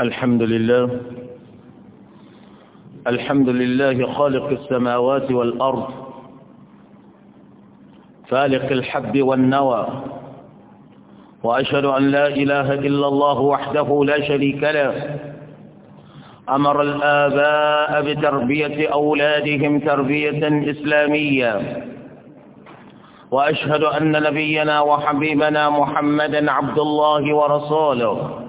الحمد لله الحمد لله خالق السماوات والأرض فالق الحب والنوى وأشهد أن لا إله إلا الله وحده لا شريك له أمر الآباء بتربية أولادهم تربية إسلامية وأشهد أن نبينا وحبيبنا محمدا عبد الله ورسوله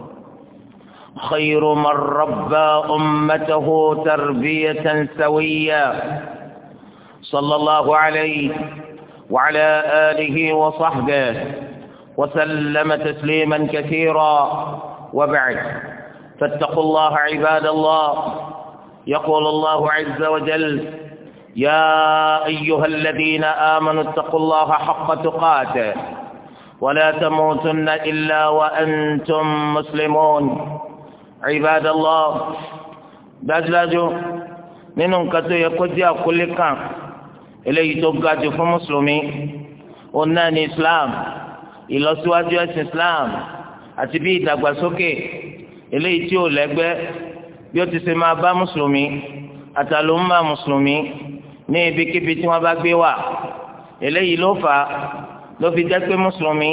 خير من ربى أمته تربية سوية صلى الله عليه وعلى آله وصحبه وسلم تسليما كثيرا وبعد فاتقوا الله عباد الله يقول الله عز وجل يا أيها الذين آمنوا اتقوا الله حق تقاته ولا تموتن إلا وأنتم مسلمون Ibadallah dájúdájú nínú nǹkan tó yẹ kó jẹ́ àkólé kan eléyìí tó ga jù fún mùsùlùmí òun náà ní Islam ìlọsíwájú ẹ̀sìn Islam àti bí ìdàgbàsókè eléyìí tí ò lẹ́gbẹ́ bí ó ti ṣe máa bá mùsùlùmí àtàlùmọ́ mùsùlùmí ní ibikíbi tí wọ́n bá gbé wà eléyìí ló fà á ló fi jẹ́ pé mùsùlùmí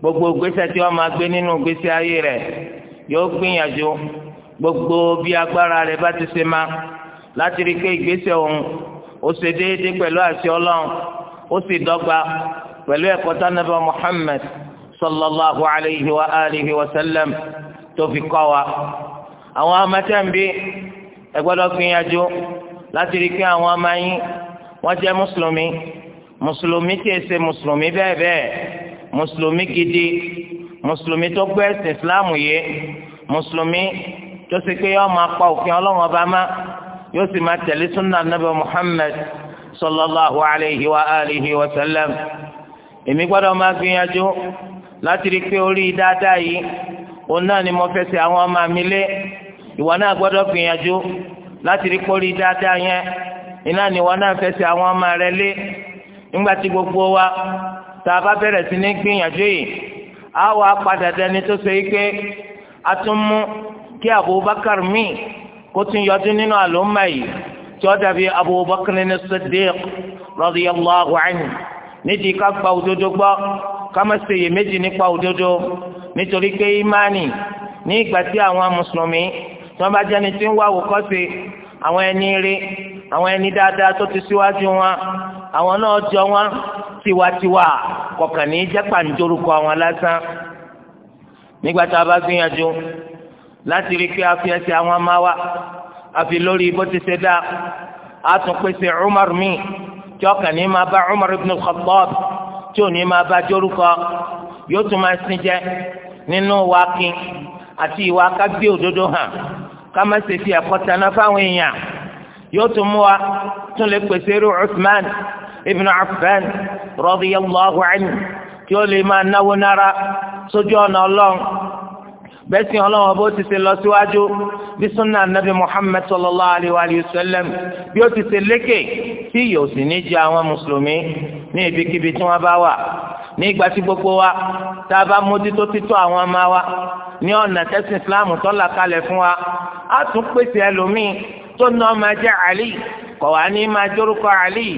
gbogbo ìgbésẹ̀ tí wọ́n máa gbé nínú ìgbésí ayé rẹ̀ yóò gbìyànjú gbogbo bí agbára rẹ̀ bá ti ṣe ma láti rí i pé ìgbésẹ̀ òun ó ṣe déédéé pẹ̀lú àṣẹ ọlọ́run ó sì dọ́gba pẹ̀lú ẹ̀kọ́ tánàbà Muhammad sallallahu alayhi wa alihi wa sallam tó fi kọ́ wa. àwọn amátẹ́nbí ẹ gbọ́dọ̀ gbìyànjú láti rí i pé àwọn ọmọ yín wọ́n jẹ́ mùsùlùmí mùsùlùmí tí ì ṣe mùsùlùmí bẹ́ẹ̀ bẹ́ẹ̀ mùsùlùmí gidi mùsùlùmí tó gbé ẹ̀sìn ìsìláàmù yìí mùsùlùmí tó ṣe pé yóò máa pa òfin ọlọ́run ọba má yóò sì máa tẹ̀lé súnà nàbẹ muhammed sallallahu alayhi wa alihi wa sallam èmi gbọ́dọ̀ máa gbìyànjú láti rí i pé orí dáadáa yìí òun náà ni mo fẹsẹ̀ àwọn ọmọ mi lé ìwọ náà gbọ́dọ̀ gbìyànjú láti rí i pé orí dáadáa yẹn iná ni ìwọ náà fẹsẹ̀ àwọn ọmọ rẹ lé nígbà tí gbogbo wa tá a bá bẹ̀rẹ̀ sí ní gbìyànjú yìí á wà padà dání tó ṣe pé a tún mú kí Abubakar míì kó tún yọjú nínú àlùmọ́ yìí tí ó dàbí Abubakar ní Siddiq radiyallahu anhu nídìí ká gba òdodo gbọ́ ká má ṣe iyèméjì nípa òdodo nítorí pé ìmánì ní ìgbà tí àwọn mùsùlùmí tí wọ́n bá jẹ́ni tí ń wá àwòkọ́ṣe àwọn ẹni rí àwọn ẹni dáadáa tó ti síwájú wọn àwọn náà jọ wọn tiwantiwa kọkàn ní jẹ́pà ń dorúkọ wọn lásán nígbà tá a bá gbìyànjú láti rí i pé a fi ẹsẹ̀ àwọn máa wá a fi lórí bó ti ṣe dáa a tún pèsè Umar mi tí ọkàn ní máa bá Umar ibn Khattab tí ò ní máa bá jorúkọ yóò tún máa sin jẹ nínú wákin àti ìwà ká gbé òdodo hàn ká má ṣe fi ẹ̀kọ́ tana fáwọn èèyàn. yóò tún mú lè pèsè irú ibn Affan radiyallahu anhu tí ó lè máa náwó nára sójú ọ̀nà ọlọ́run bẹ́sìn ọlọ́run ọba ó ti ṣe lọ síwájú bí súnà Muhammad sallallahu alayhi wa sallam bí ó ti ṣe lékè tí yóò sì ní jẹ àwọn mùsùlùmí ní ibikíbi tí wọ́n bá wà ní ìgbà tí gbogbo wa tá a bá mójútó títọ́ àwọn ọmọ wa ní Islam kalẹ̀ fún wa tó ná máa jẹ́ Ali kọ̀ wá ní máa jórúkọ Ali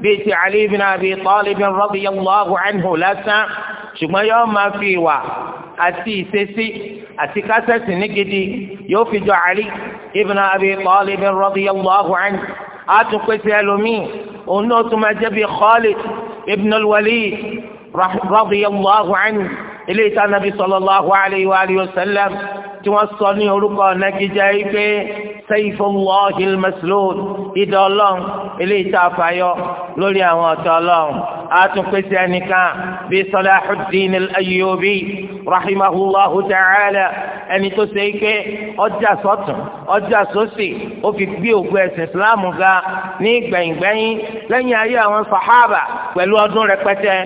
bíi ti Ali ibn Abi Talib radiyallahu anhu lásán ṣùgbọ́n yóò máa fi ìwà àti ìṣesí àti kásẹ̀sì ní gidi yóò fi jọ Ali ibn Abi Talib radiyallahu anhu àtúnpèsè ẹlòmíì òun náà tún máa jẹ́ bíi Khalid ibn al-Walid radiyallahu anhu ilé ìta nàbí sallallahu alayhi wa alihi wa sallam tí wọ́n sọ ní orúkọ nàgíjà yìí pé sayfullahil maslul idà ọlọ́run eléyìí tá a fàyọ lórí àwọn ọ̀tọ̀ ọlọ́run àtúnpèsè ẹnìkan bíi Salahuddin al rahimahullahu ta'ala ẹni tó ṣe ike ọjà sọ́tún ọjà sósì ó fi gbé ògbó ẹ̀sìn ìsìláàmù ga ní gbẹ̀yìngbẹ̀yìn lẹ́yìn ayé àwọn sàhábà pẹ̀lú ọdún rẹpẹtẹ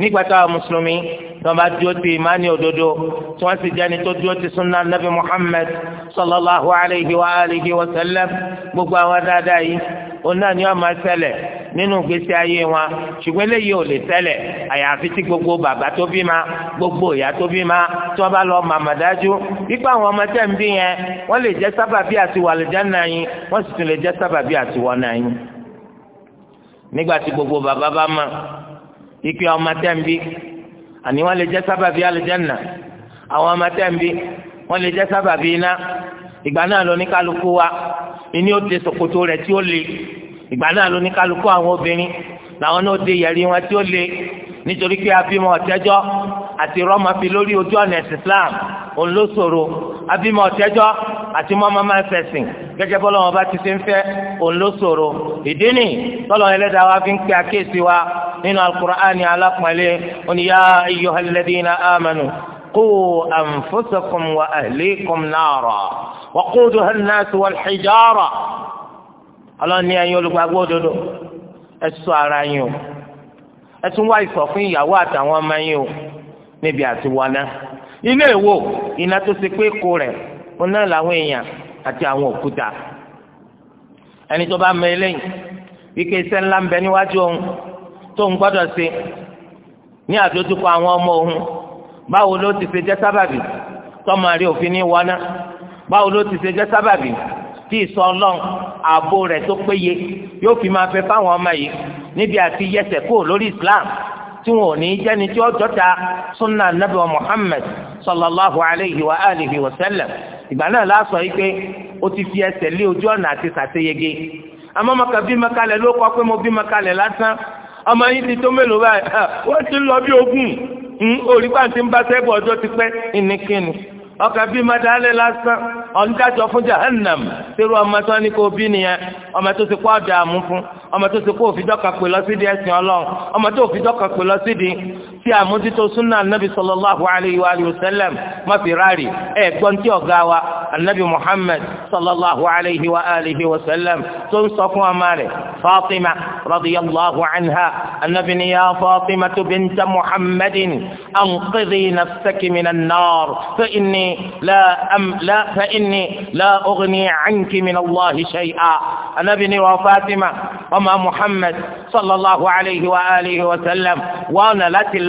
nígbàtà mùsùlùmí tí wọ́n bá dúró ti ìmánì òdodo tí wọ́n sì jẹ́ni tó dúró ti sunna nabi muhammed sallallahu alayhi wa alihi wa sallam gbogbo àwọn dáadáa yìí òun náà ni wọ́n máa ṣẹlẹ̀ nínú ìgbésí ayé wọn ṣùgbọ́n eléyìí ò lè ṣẹlẹ̀ àyàfi tí gbogbo bàbá tó bí ma gbogbo ìyá tó bí ma tí lọ màmá dájú àwọn ọmọ tẹ̀ ń bí yẹn wọ́n lè jẹ́ sábàbí àti wàlùjẹ́ náà yín wọ́n sì tún lè jẹ́ sábàbí àti wọ́n náà nígbà tí gbogbo bàbá bá mọ̀ ike ọmọ tẹ̀ ń bí àní wọ́n lè jẹ́ sábàbí àlùjánnà àwọn amatẹ́ǹbí wọ́n lè jẹ́ sábàbí iná ìgbà náà ló ní kálukú wa ìní ó de ṣòkòtò rẹ̀ tí ó le ìgbà náà ló ní kálukú àwọn obìnrin làwọn náà ó de yẹ̀rì wọn tí ó le nítorí pé abímọ ọ̀tẹ́jọ́ àti rọ́mọ fi lórí ojú ọ̀nà ẹ̀sìn Islam òun ló ṣòro abímọ ọ̀tẹ́jọ́ àti mọ́ máa ń fẹ̀sìn gẹ́gẹ́ bọ́lá wọn bá ti ṣe ń fẹ́ òun ló ṣòro ìdí nì tọ́lọ̀ ẹlẹ́dàá wa fi ń pe àkéèsí wa nínú alukur'ani alápọ̀nlé oníyá ayyuhal ladina amanu qu anfusakum wa ahlikum nara waquduha an-nas wal hijara ọlọ́ni ẹ̀yin olùgbàgbọ́ òdodo ẹ̀ ẹ tún wá ìsọ̀ fún ìyàwó àtàwọn ọmọ yín o níbi àti wọná ilé ìwò iná tó ṣe pé kó rẹ̀ ó náà làwọn èèyàn àti àwọn òkúta ẹni tó bá mọ eléyìí wíkẹ́ iṣẹ́ ńlá ń bẹ níwájú òun tó ń gbọ́dọ̀ ṣe ní àdójúkọ àwọn ọmọ òun báwo ló ti ṣe jẹ́ sábàbí tọ́mọ rí òfin ní wọná báwo ló ti ṣe jẹ́ sábàbí tí ìsọ ọlọ́run ààbò rẹ̀ tó péye yóò fi máa fẹ́ fáwọn ọmọ yìí níbi àti yẹsẹ̀ kó lórí islam tí wọn ò ní jẹ́ni tí ó jọ́ta sunna nabi wa sallallahu alayhi wa alihi wa sallam ìgbà náà lásọ yìí pé ó ti fi ẹsẹ̀ lé ojú ọ̀nà àti sàṣeyege àmọ́ maka bímọ kalẹ̀ ló kọ́ pé mo bímọ kalẹ̀ lásán ọmọ yìí ti tó mélòó báyìí wọ́n ọkà bí madalẹ lásán ọ̀ndájọ fún jahannam tẹ́rù ọmọ tó ní kó bí nìyẹn ọmọ tó ti kó ọ̀dà àmú fún ọmọ tó ti kó òfin pè lọ sídìí ẹ̀sìn ọlọ́run ọmọ tó òfin pè lọ sídìí tí a mú títọ́ súnà anabi sallallahu alayhi wa sallam má fi rari ẹ̀ gbọ́n tí ọ̀gá wa anabi muhammad sallallahu alayhi wa alihi wa sallam tó ń sọ fún ọmọ rẹ̀ fatima radiyallahu anha anabi ni ya fatima tó binta muhammadin anqidhi nafsaki minan nar fa inni la am la fa inni la ughni anki min allah shay'a anabi ni wa fatima ọmọ muhammad sallallahu alayhi wa alihi wa sallam wọ́n na láti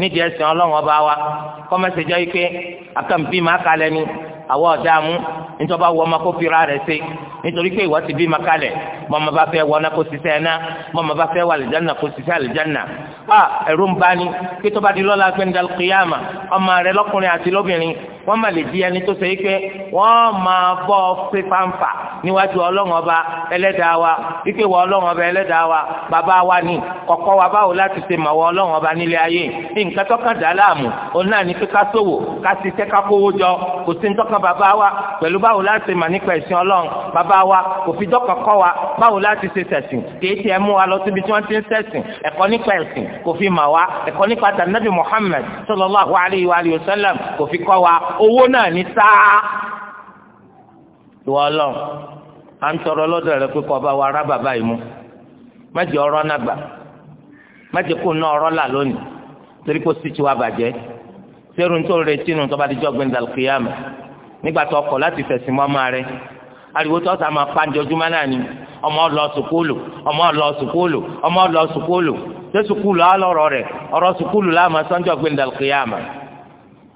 nídìí ẹ̀sìn ọlọ́run ọba wa kọ́mẹ́sì jẹ́ wípé akẹ́m̀bí máa kalẹ̀ ni àwọ̀ ọ̀dààmú nítorí wọ́n ọmọ kó fira rẹ̀ ṣe nítorí pé ìwọ ti bí ma kalẹ̀ mọ ọmọ bá fẹ́ wọná kó ṣiṣẹ́ ẹ̀ná mọ ọmọ bá fẹ́ wà àlìjáná kó ṣiṣẹ́ àlìjáná ah, ẹ̀rú ń bá ní pé tó bá di lọ́la gbẹ̀ndàlùkìyàmà ọmọ rẹ̀ lọ́kùnrin àti lóbìnrin wọ́n má lè di ẹni tó ṣe wípé wọ́n máa bọ́ pé pàǹpà níwájú ọlọ́run ọba ẹlẹ́dàá wa wípé wọ́n ọlọ́run ọba ẹlẹ́dàá wa bàbá wa ni kọ̀kọ́ wa báwo láti ṣe mọ̀ wọ́n ọlọ́run ọba nílé ayé nǹkan tọ́kàn dá láàmú òun náà ní pé ká ṣòwò ká ti tẹ́ ká kówó jọ kò sí tọ́kàn bàbá wa pẹ̀lú báwo láti mà nípa ẹ̀sìn ọlọ́run bàbá wa kò fi dọ́kàn kọ́ wa báwo láti ṣe sallallahu alayhi wa sallam kò fi kọ́ owó náà ní sáá ìwọ Ọlọ́run à ń tọrọ lọ́dọ̀ rẹ pé ọrụ ọrụ wa rá bàbá yìí mú mẹjẹ ọrụ náà gbà mẹjẹ kó ná ọ̀rọ̀ là lónìí torí kó sì ti wá bàjẹ́ tó retí nu tó bá di dàlùkìyàmù nígbà tó láti ọmọ rẹ ariwo tó náà ni ọmọ lọ sùkúlù ọmọ lọ sùkúlù ọmọ lọ sùkúlù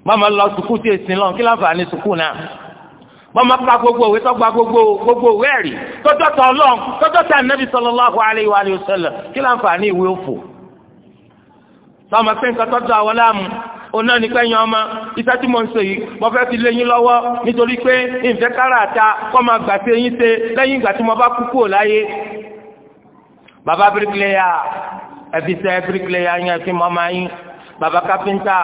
Mama, lọ sùkú tí èsì lọ kí láǹfààní sùkú náà mọ́mọ́ pa gbogbo òwe tó gba gbogbo gbogbo òwe ẹ̀rí tọ́jọ́ tọ́ lọ́n tọ́jọ́ tà nẹ́bí sallallahu alaihi wa sallam kí láǹfààní ìwé òfò sọmọ pé nǹkan tọ́jú àwọn láàmú ọ̀nà nìkan yan ọmọ iṣẹ́ tí mo ń ṣe yìí mo fẹ́ fi lé yín lọ́wọ́ nítorí pé ìfẹ́ àta kọ́ máa gbà sí eyín ṣe lẹ́yìn ìgbà tí mo bá kú kúrò láyé. bàbá bíríkìlẹ́yà ẹ̀fíṣẹ́ bíríkìlẹ́yà yẹn fi mọ́ máa yín Baba kapinta,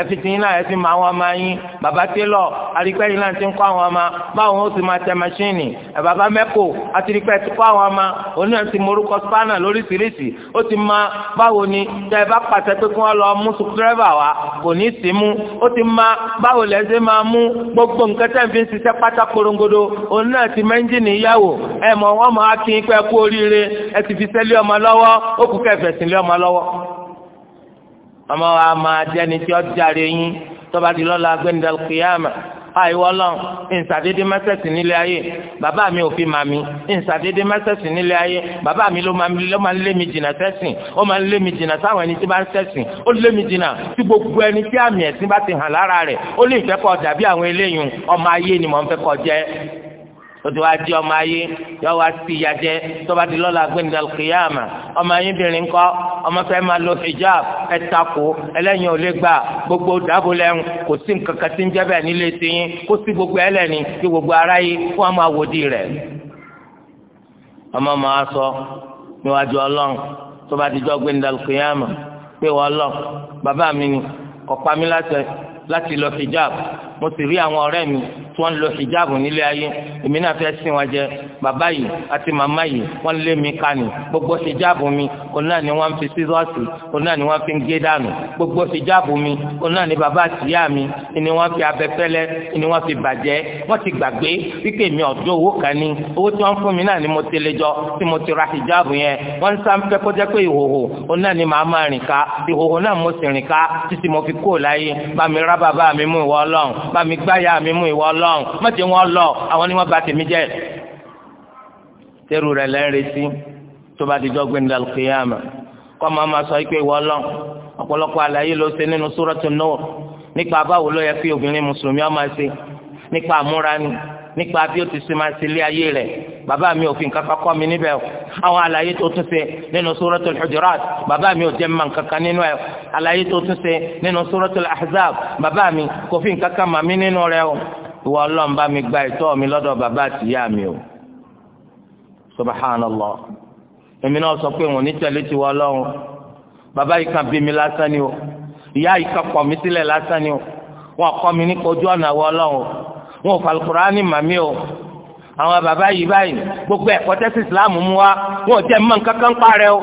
ẹ̀fì tí yín náà ẹ̀fì máa wọn máa yín bàbá télọ̀ àríkẹ́ yín náà ti ń kọ́ àwọn ọmọ báwọn ó sì máa tẹ machine ẹ̀ bàbá mẹ́kò àtìríkẹ́ ti kọ́ àwọn ọmọ òun náà ti morúkọ spanner lóríṣiríṣi ó ti máa báwo ni tẹ ẹ bá pàṣẹ pé kí wọ́n lọ mú sukurẹ́bà wá kò ní í sí mú ó ti máa báwo lẹ́ ṣe máa mú gbogbo nǹkan tẹ́ fi ń ṣiṣẹ́ pátá korongodo òun náà ti mẹ́ńjìnì yàwó ẹ mọ̀ wọ́n máa kí n pẹ́ kú oríire ẹ ti fi sẹ́lẹ̀ ọmọ lọ́wọ́ ó kú kẹfẹ̀sìn lé ọmọ lọ́wọ́ ọmọ wa máa jẹ́ni tí ó jàre yín tọ́ba di lọ́la gbẹ̀ndẹ̀l kìyàmà àìwọ́ lọ́n ìsàdédé mẹ́sẹ̀sì nílé ayé bàbá mi ò fi mà mí ìsàdédé mẹ́sẹ̀sì nílé ayé bàbá mi ló máa ń lé mi jìnnà sẹ́sìn ó máa ń lé mi jìnnà sáwọn ẹni tí bá ń sẹ́sìn ó lé mi jìnnà tí gbogbo ẹni tí àmì ẹ̀sìn bá ti hàn lára rẹ̀ ó lè fẹ́ kọ́ dàbí àwọn eléyìí ọmọ ayé ni mò ń fẹ́ kọ́ jẹ́ o ti wá jẹ ọmọ ayé yọ wá sí ìyá jẹ tọba di lọla gbẹndẹ kìyàmà ọmọ ayé bìnrin kọ ọmọ fẹ máa lo hijab ẹtako ẹlẹyìn ò lè gbà gbogbo dábòlẹ ń kò sí nǹkan kan tí ń jẹ bẹ́ẹ̀ nílé tiyín kó sí gbogbo ẹlẹni kí gbogbo ara yìí kó wọn máa wò di rẹ. ọmọ máa sọ níwájú Ọlọ́run tọba di jọ gbẹndẹ kìyàmà pé wọn lọ bàbá mi ni ọ̀pá mi láti lọ hijab mo sì rí àwọn ọ̀rẹ́ mi tí wọ́n ń lo hijab nílé ayé èmi náà fẹ́ sìn wọn jẹ bàbá yìí àti màmá yìí wọ́n lé mi ká gbogbo hijab mi òun náà ni wọ́n ń fi sísọ́ọ̀sì òun náà ni wọ́n fi ń gé dànù gbogbo hijab mi òun náà ni bàbá àtìyá mi ni wọ́n fi abẹ́fẹ́lẹ́ ni wọ́n fi bàjẹ́ wọ́n ti gbàgbé wípé mi ọ̀dọ́ owó kan ní owó tí wọ́n fún mi náà ni mo ti lé jọ tí mo ti ra hijab yẹn wọ́n ń sá fẹ́ kó pé ìhòhò òun náà ni màá máa rìn ká ìhòhò náà mo sì rìn ká títí mo fi kó láyé bá mi rá bàbá mi mú ìwọ ọlọ́run bá mi gbáyà mi mú ìwọ ọlọ́run Ọlọ́run má jẹ́ wọn lọ àwọn ni wọ́n bá tèmi jẹ́ tẹ́rù rẹ̀ lẹ́rìí tó bá dijọ́ gbé nílẹ̀ al-qiyama kọ́ máa ma sọ pé ìwọ lọ ọ̀pọ̀lọpọ̀ àlàyé ló ṣe nínú Suratu Nur nípa báwo ló yẹ kí obìnrin mùsùlùmí ó máa ṣe nípa àmúra ni nípa bí o ti ṣe máa ṣe ilé ayé rẹ̀ bàbá mi ò fi nǹkan kan kọ́ mi níbẹ̀ o àwọn àlàyé tó tún ṣe nínú Suratul Hujurat bàbá mi ò jẹ́ mọ̀ nǹkan kan nínú ẹ̀ àlàyé tó tún ṣe nínú Suratul Ahzab bàbá mi kò fi nǹkan kan mà mí nínú rẹ̀ o ìwọ ọlọ́run bá mi gba ìtọ́ mi lọ́dọ̀ bàbá àtìyá mi o subhanallah èmi náà sọ pé wọn ní tẹ̀lé tiwọ ọlọ́run bàbá yìí kan bí mi lásán ni o ìyá yìí kan pọ̀ mí sílẹ̀ lásán ni o wọn kọ́ mi ní kojú ọ̀nà wọ ọlọ́run wọn ò falùkùrá ní màmí o àwọn bàbá yìí báyìí gbogbo ẹ̀kọ́ tẹ́sí ìsìláàmù mú wa wọn ò jẹ́ mọ́ nǹkan kan parẹ́ o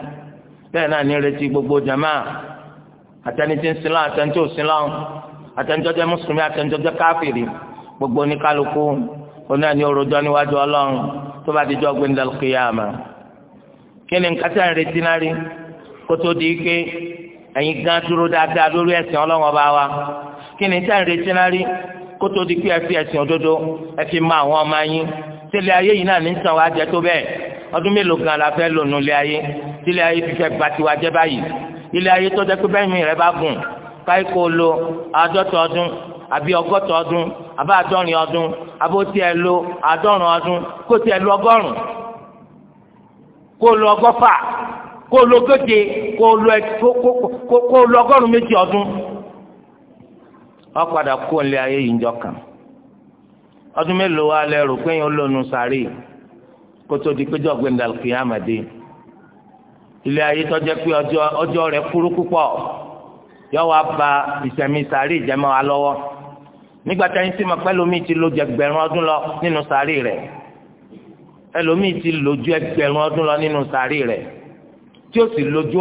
ẹ bẹ́ẹ̀ náà ní retí gbogbo jama àtẹni tí ń sin lọ́wọ́ àtẹni tí ò sin lọ́wọ́ àtẹni tó jẹ́ mùsùlùmí àtẹni tó jẹ́ káfìrí gbogbo oníkálukú oní àní orojọ́ níwájú ọlọ́run tó bá ti jọ gbẹ̀ndẹ̀ kíyàmá kí ni nǹkan tí a ń retí náà rí kó tó di ike ẹ̀yin gan dúró dáadáa lórí ẹ̀sìn ọlọ́run ọba wa kí ni tí a ń retí náà rí kó tó di pé ẹ fi ẹ̀sìn òdodo ẹ fi mọ àwọn ọmọ yín tẹ́lẹ̀ ayé yìí náà ní sàn wá jẹ tó bẹ́ẹ̀ ọdún mélòó gan la fẹ́ lò nílé ayé tílé ayé fi fẹ́ gba tiwa jẹ́ báyìí ilé ayé tó dẹ́ pé bẹ́ẹ̀ mi rẹ̀ bá gùn káyí kó lo àádọ́ta ọdún àbí ọgọ́ta ọdún àbá àádọ́rin ọdún àbó tiẹ̀ lo àádọ́rùn ọdún kó tiẹ̀ lo ọgọ́rùn kó lo ọgọ́fà kó lo ogóje kó lo ẹ kó lo ọgọ́rùn méjì ọdún ọ̀padà kó ilé ayé yìí jọ kàn ọdún mélòó wa lẹ rò pé yẹn ó lónú sáré kótó di péjọ gbẹndàlùkì àmàdé ilé ayé tọ́jẹ́ pé ọjọ́ rẹ̀ kúrú púpọ̀ yọ wá ba ìsẹ̀mí sàárì ìjẹ́mọ́ wa lọ́wọ́ nígbà tí a ń sè mọ́ pẹ́lómi ti lo jẹgbẹ̀rún ọdún lọ nínú sàárì rẹ̀ ẹlòmíì ti lo ju ẹgbẹ̀rún ọdún lọ nínú sàárì rẹ̀ tí ó sì lo ju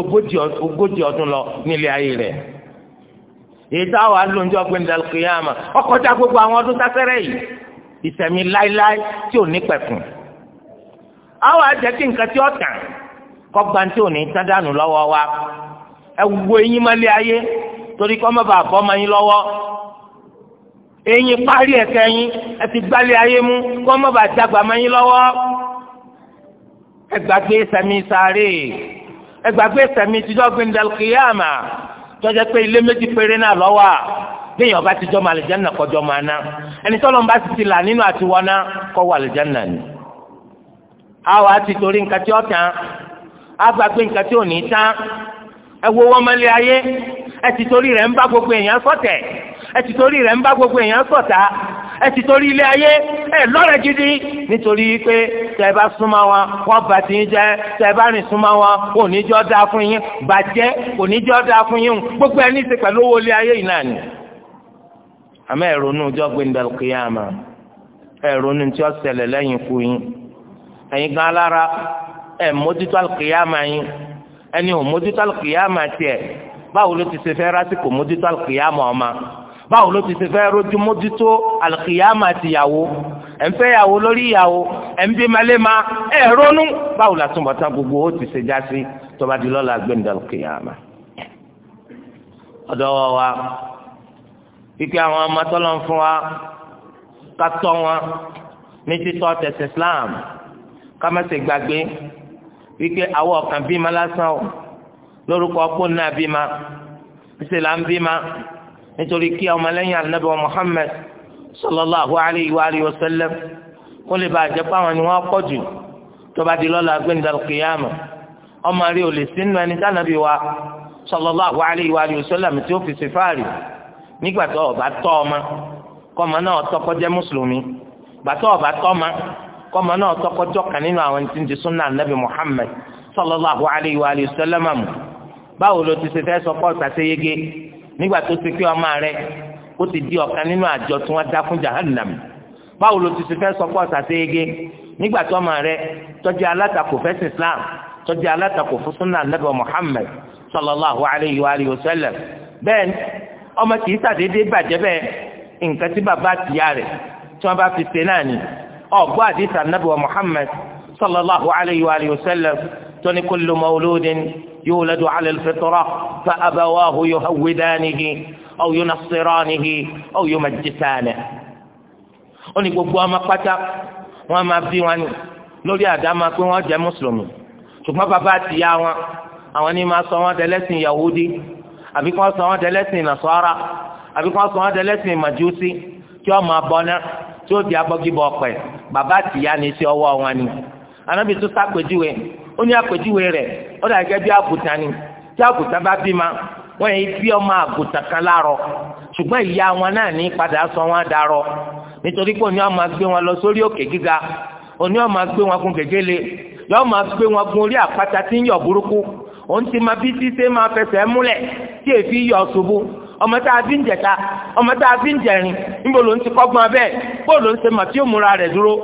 ogójì ọdún lọ nílé ayé rẹ̀ èyí tá a wà ló ń jọ pé ndàlùkìyàmà ọkọjá gbogbo àwọn ọdún sásẹrẹ yìí ìsẹ̀mí láíláí tí ò ní pẹ̀kùn àwọn àjẹkí nǹkan tí ó tàn kọ́gbà tí ò ní wa ẹ wo eyín mọ́lé ayé torí kọ́ mọ́ba àbọ̀ máa yín lọ́wọ́ eyín parí ẹ̀kẹ́ yín ẹ ti gbálé ayé mú kọ́ mọ́ba dàgbà máa yín lọ́wọ́ ẹ gbàgbé sẹ́mi sáré ẹ gbàgbé sẹ́mi tijọ́ gbẹndẹ̀lkìyàmà tọ́jà pé ilé méjì péré náà lọ́wọ́ à béèyàn bá ti jọmọ àlìjáná kọjọ máa ná ẹni tọ́lọ́ bá ti ti là nínú àtiwọ́ná kọ́ wọ àlìjáná ni. àwọn àti torí nǹkan tí agbàgbé nǹkan tí ò ní tán ẹ wo wọn mọ́lẹ̀ ayé ẹ torí ń bá gbogbo èèyàn ẹ torí gbogbo èèyàn torí ilé ẹ lọrẹ gidi nítorí pé tẹ bá súnmọ́ wọn wọn bá ti jẹ tẹ bá rìn wọn fún yín gbogbo ẹni owó ilé ayé yìí náà ni. ẹ ronú ẹ ronú tí ó fún ẹ mójútó alùkìyàmà yín ẹni ò mójútó alùkìyàmà tiẹ̀ báwo ló ti ṣe fẹ́ rásìkò mójútó alùkìyàmà ọmọ báwo ló ti ṣe fẹ́ rojú mójútó alùkìyàmà tìyàwó ẹ̀ ń fẹ́ yàwó lórí ìyàwó ẹ̀ ń bí malema ẹ̀ ronú báwo la túnbọ̀ tán gbogbo ó ti ṣe já sí tó lọ́la gbẹ̀ndà alùkìyàmà ọ̀dọ́ wa kíkẹ́ àwọn amatọ́lọ́ fún wa ká tọ́ wọn ní títọ́ tẹ̀sí Islam ká má ṣe gbàgbé wípé àwọn ọ̀kan bímọ lásán o lórúkọ ọkùnrin náà bímọ ṣe là ń bímọ nítorí kí ọmọlẹ́yìn anabi wa Muhammad sallallahu alayhi wa alayhi wa sallam kó lè bàa jẹ́ àwọn ni wọ́n pọ̀ jù tó bá di lọ́la gbẹ̀ndàlù kìyàmù ọmọ rí o lè sínú ẹni tí anabi wa sallallahu alayhi wa alayhi wa sallam tí ó fi ṣe nígbà tó ọba tọ́ ọmọ kọ́mọ náà tọkọ jẹ́ mùsùlùmí gbàtọ́ ọba tọ́ kọ́mọ náà tọkọjọ kan nínú àwọn tí ń ti súnà nàbì sallallahu alayhi wa sallam mu báwo ló ti ṣe fẹ́ sọ ti ọmọ rẹ ó ti di ọ̀kan nínú àjọ tí wọ́n dá fún jahannam báwo ló rẹ tọ́jú alátakò fẹ́sìn Islam tọ́jú alátakò fún Muhammad sallallahu alayhi wa sallam bẹ́ẹ̀ ọmọ bàjẹ́ bẹ́ẹ̀ nǹkan tí bàbá àtìyá tí wọ́n bá fi ṣe ọ̀gbọ́ àdìsá nàbì wa Muhammad sallallahu alayhi wa sallam tóní kullu mawludin yuladu ala al-fitra fa abawahu yuhawwidanihi aw yunassiranihi aw yumajjisanihi. ó ní gbogbo ọmọ pátá wọn máa bí wọn ni lórí àdámà pé wọn jẹ mùsùlùmí ṣùgbọ́n bàbá àti ìyá wọn àwọn ni máa sọ wọn dẹlẹ́sìn Yahudi àbí kí wọ́n sọ wọn dẹlẹ́sìn Nasara àbí kí wọ́n sọ wọn dẹlẹ́sìn Màjúsí kí wọ́n máa bọ náà tí ó di abọ́gibọ̀ ọ̀pẹ bàbá àtìyá ni sí ọwọ́ wọn ni anábì tó sàpèjúwe ó ní àpèjúwe rẹ̀ ó dà gẹ́gẹ́ bí àgùntàn ni tí àgùntàn bá bímọ wọ́n yẹn bí ọmọ àgùntàn kan láàrọ̀ ṣùgbọ́n ìyá wọn náà ní padà sọ wọn darọ nítorí pé òní wọn máa gbé wọn lọ sórí òkè gíga òní wọn máa wọn gun gègéle yọọ máa gbé wọn gun orí àpáta tí ń yọ burúkú òun ti máa bí títí máa fẹsẹ̀ múlẹ̀ tí èéfi yọ ṣubú ọmọ tá a fi ń jẹta ọmọ tá a fi ń jẹrin níbo ló ń ti kọ́gbọ́n abẹ bó ló ń ṣe mà tí ó múra rẹ̀ dúró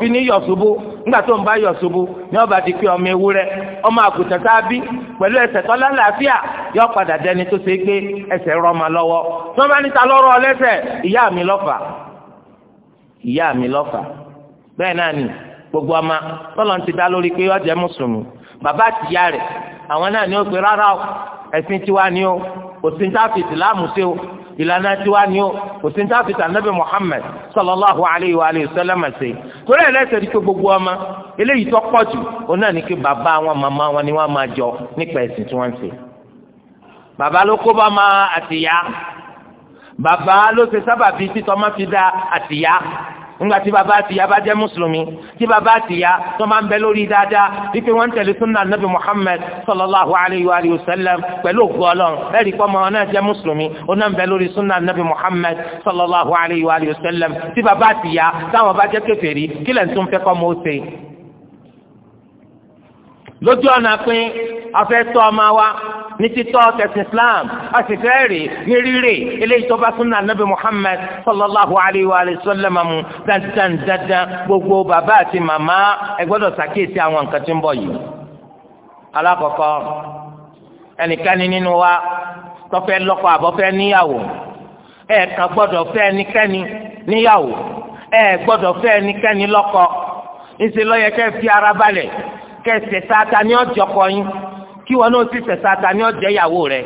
tí ní ṣubú nígbà tó ń bá ṣubú ọba ti ọmọ ọmọ àgùntàn tá a bí pẹ̀lú ẹsẹ̀ tó lálàáfíà yọ padà dẹni tó ṣe gbé ẹsẹ̀ lọ́wọ́ tí wọ́n bá níta lọ́rọ́ lẹ́sẹ̀ pe rárá ẹ̀sìn kò sí níta fi ìsìláàmù sí o ìlànà tiwa ni o kò sí níta fi sànàbì Muhammad sallallahu alayhi wa alayhi wa sallam ṣe torí ẹ̀ lẹ́sẹ̀ rí pé gbogbo ọmọ eléyìí tó pọ̀ jù òun náà ní kí bàbá wọn màmá wọn ni wọ́n máa jọ nípa ẹ̀sìn tí wọ́n ń ṣe bàbá ló kó bá àtìyá bàbá ló ṣe sábàbí títọ́ máa fi dá àtìyá nígbà tí bàbá àti ìyá bá jẹ́ mùsùlùmí tí bàbá àti ìyá tó máa ń bẹ lórí dáadáa wípé wọ́n ń tẹ̀lé súnà nàbì muhammed sallallahu alayhi wa sallam pẹ̀lú òkú ọlọ́run ẹ̀rí pọ́ ọmọ náà jẹ́ mùsùlùmí ó náà ń bẹ lórí súnà nàbì muhammed sallallahu alayhi wa sallam tí bàbá àti táwọn bá jẹ́ kèfèrí kí lẹ́ tún fẹ́ kọ́ mọ́ ó lójú ọ̀nà pín afẹ́ tọ́ ọmọ wa ní títọ́ tẹ̀sìn Islam a sì fẹ́ rè ní rírè eléyìí tó bá súnà nàbì Muhammad sallallahu alayhi wa sallam mu dandan dandan gbogbo bàbá àti màmá ẹ gbọ́dọ̀ ṣàkíyèsí àwọn nǹkan tí ń bọ̀ yìí. alákọ̀ọ́kọ́ ẹnìkan nínú wa tó fẹ́ lọ́kọ àbọ̀ fẹ́ níyàwó ẹ̀ẹ̀kan gbọ́dọ̀ fẹ́ ẹnikẹ́ni níyàwó ẹ̀ẹ̀ gbọ́dọ̀ fẹ́ ẹnikẹ́ni lọ́kọ ìṣèlọ́yẹ kẹ́ fi ara balẹ̀ kẹ́ ṣẹ̀ sáta ní ọjọ́ kọyín kí wọn náà sì fẹ̀sà ta ni ọ̀jẹ̀ ìyàwó rẹ̀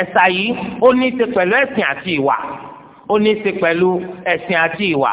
ẹ̀sà yìí ó ní í ṣe pẹ̀lú ẹ̀sìn àti ìwà ó ní í ṣe pẹ̀lú ẹ̀sìn àti ìwà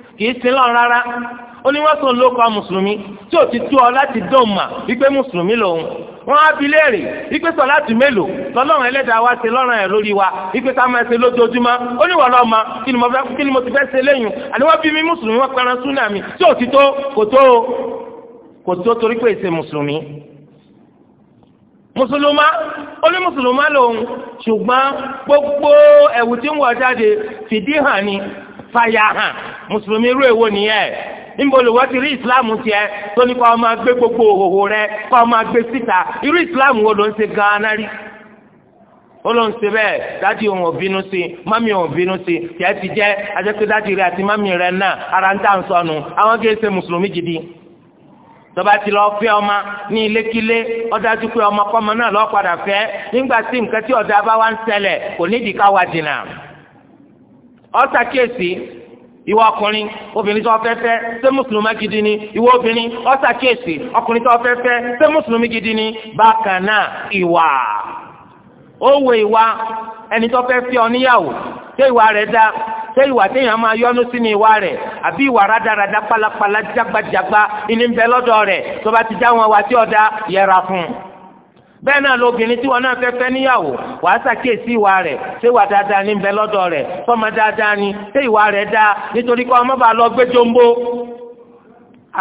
kìí sin lọ rárá oníwọ́sùn ló kọ́ mùsùlùmí tí ò ti tú ọ láti dọ́ọ̀mà wípé mùsùlùmí lòun wọ́n á bi léèrè wípé sọ láti mélòó lọ́lọ́run ẹlẹ́dàá wa ṣe lọ́rùn ẹ̀ lórí wa wípé ká máa ṣe lójoojúmọ́ oníwọ̀ lọ́ọ̀ma kí ni mo fẹ́ kí ni mo ti fẹ́ ṣe léyìn àní wọ́n bí mi mùsùlùmí wọ́n pẹran súnà mi tí ò ti tó kò tó kò tó torí pé ìṣe mùsùlùmí mùsùlùmá olú mùsùlùmá lòun ṣùgbọ́n gbogbo ẹ̀wù tí ń wọ̀ jáde fìdí hàn ni fàyà hàn mùsùlùmí irú èwo nìyẹn níbo ti rí ìsìláàmù tiẹ̀ tó ní kó o gbogbo òhòhò rẹ o máa síta irú ìsìláàmù wo ló ń ṣe gan-an rí ó ló ń bẹ́ẹ̀ mami òun ò bínú sí tiẹ̀ ti jẹ́ ajẹ́pẹ́ dádì rẹ àti mami rẹ náà ara ń tà ń sọnù àwọn kì í mùsùlùmí tọba ti lọ ní ọdájú pé ọmọ kọ́mọ náà padà fẹ́ nígbà tí nǹkan tí ọ̀sàkíyèsí ìwọ ọkùnrin obìnrin tó fẹ́ fẹ́ mùsùlùmí gidi ni ìwọ obìnrin ọ̀sàkíyèsí ọkùnrin tó fẹ́ fẹ́ mùsùlùmí gidi ni bákan ìwà ó ìwà ẹni tó fẹ́ fẹ́ ọ níyàwó ṣé ìwà rẹ̀ dá ṣé ìwà téèyàn máa yọnu sí ni ìwà rẹ̀ àbí ìwà rádaràda palapala jágbajàgba bẹ́ẹ̀ náà lóbìnrin tí wọn náà fẹ́ fẹ́ níyàwó wàá ṣàkíyèsí ìwà rẹ̀ ṣé ìwà dáadáa ní ń lọ́dọ̀ rẹ̀ sọ́mọ dáadáa ni ṣé ìwà rẹ̀ dáa nítorí kọ́ ọmọ bá lọ gbé jombo.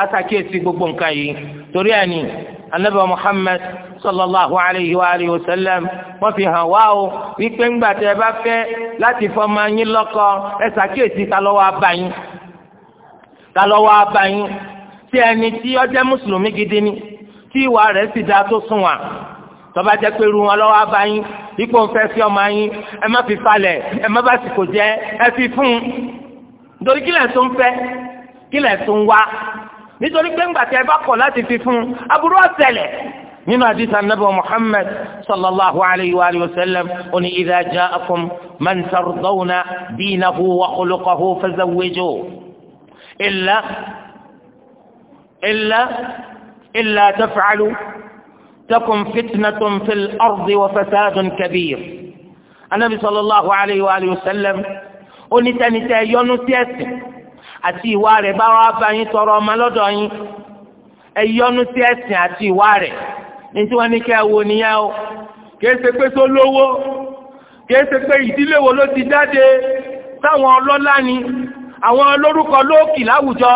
a ṣàkíyèsí gbogbo nǹkan yìí torí ẹni anabi muhammed sallallahu alayhi wa alayhi wa sallam wọ́n fi hàn wá o wípé ńgbà tẹ́ ẹ bá fẹ́ láti fọmọ yín lọ́kọ ẹ ṣàkíyèsí ta lọ́wọ́ abayín ta lọ́wọ́ abayín tí ẹni tí ó tí ìwà tọ́ba jẹ́ pé irun ọlọ́wọ́ abáyín ipò ńfẹ́ sí ọmọ yín ẹ má fi falẹ̀ ẹ má bá sì kò jẹ́ ẹ fi fún un nítorí kílẹ̀ tó ń fẹ́ kílẹ̀ tó ń wá nítorí pé ńgbà tí ẹ bá kọ̀ láti fi fún un aburú ọ̀sẹ̀lẹ̀ nínú àdìsá nàbẹ Muhammad sallallahu alayhi wa sallam oní idha ja'akum man tardawna dinahu wa khuluquhu fazawwijuhu illa illa illa taf'alu. تكن فتنة في الأرض وفساد كبير النبي صلى الله عليه وآله وسلم oni tẹni tẹ yọnu sí ẹ̀sìn àti ìwà rẹ̀ bá wàá bá yín tọrọ ọmọ lọ́dọ̀ yín ẹ yọnu sí ẹ̀sìn àti ìwà rẹ̀ ní tí wọ́n ní kẹ́ ẹ wo nìyẹn o kìí ṣe pé tó lówó kìí ṣe pé ìdílé wo ló ti jáde táwọn ọlọ́lá ni àwọn olórúkọ lóòkì láwùjọ